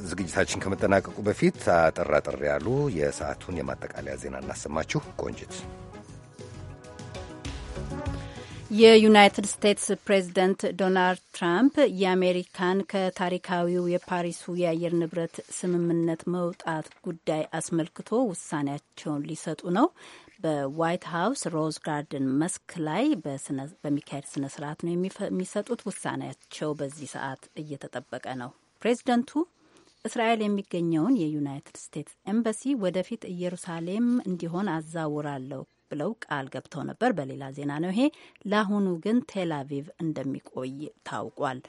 ዝግጅታችን ከመጠናቀቁ በፊት አጠር አጠር ያሉ የሰዓቱን የማጠቃለያ ዜና እናሰማችሁ። ቆንጅት የዩናይትድ ስቴትስ ፕሬዚደንት ዶናልድ ትራምፕ የአሜሪካን ከታሪካዊው የፓሪሱ የአየር ንብረት ስምምነት መውጣት ጉዳይ አስመልክቶ ውሳኔያቸውን ሊሰጡ ነው። በዋይት ሀውስ ሮዝ ጋርደን መስክ ላይ በሚካሄድ ስነ ስርዓት ነው የሚሰጡት። ውሳኔያቸው በዚህ ሰዓት እየተጠበቀ ነው። ፕሬዚደንቱ እስራኤል የሚገኘውን የዩናይትድ ስቴትስ ኤምባሲ ወደፊት ኢየሩሳሌም እንዲሆን አዛውራለሁ ብለው ቃል ገብተው ነበር። በሌላ ዜና ነው ይሄ። ለአሁኑ ግን ቴል አቪቭ እንደሚቆይ ታውቋል።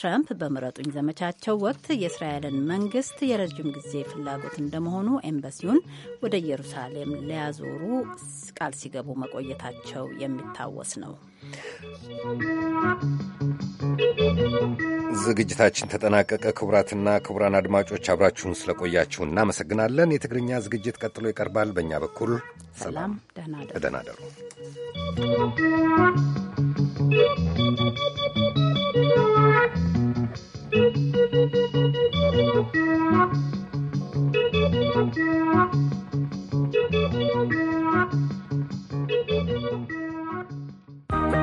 ትራምፕ በምረጡኝ ዘመቻቸው ወቅት የእስራኤልን መንግስት የረዥም ጊዜ ፍላጎት እንደመሆኑ ኤምባሲውን ወደ ኢየሩሳሌም ሊያዞሩ ቃል ሲገቡ መቆየታቸው የሚታወስ ነው። ዝግጅታችን ተጠናቀቀ። ክቡራትና ክቡራን አድማጮች አብራችሁን ስለቆያችሁ እናመሰግናለን። የትግርኛ ዝግጅት ቀጥሎ ይቀርባል። በእኛ በኩል ሰላም፣ ደህና you.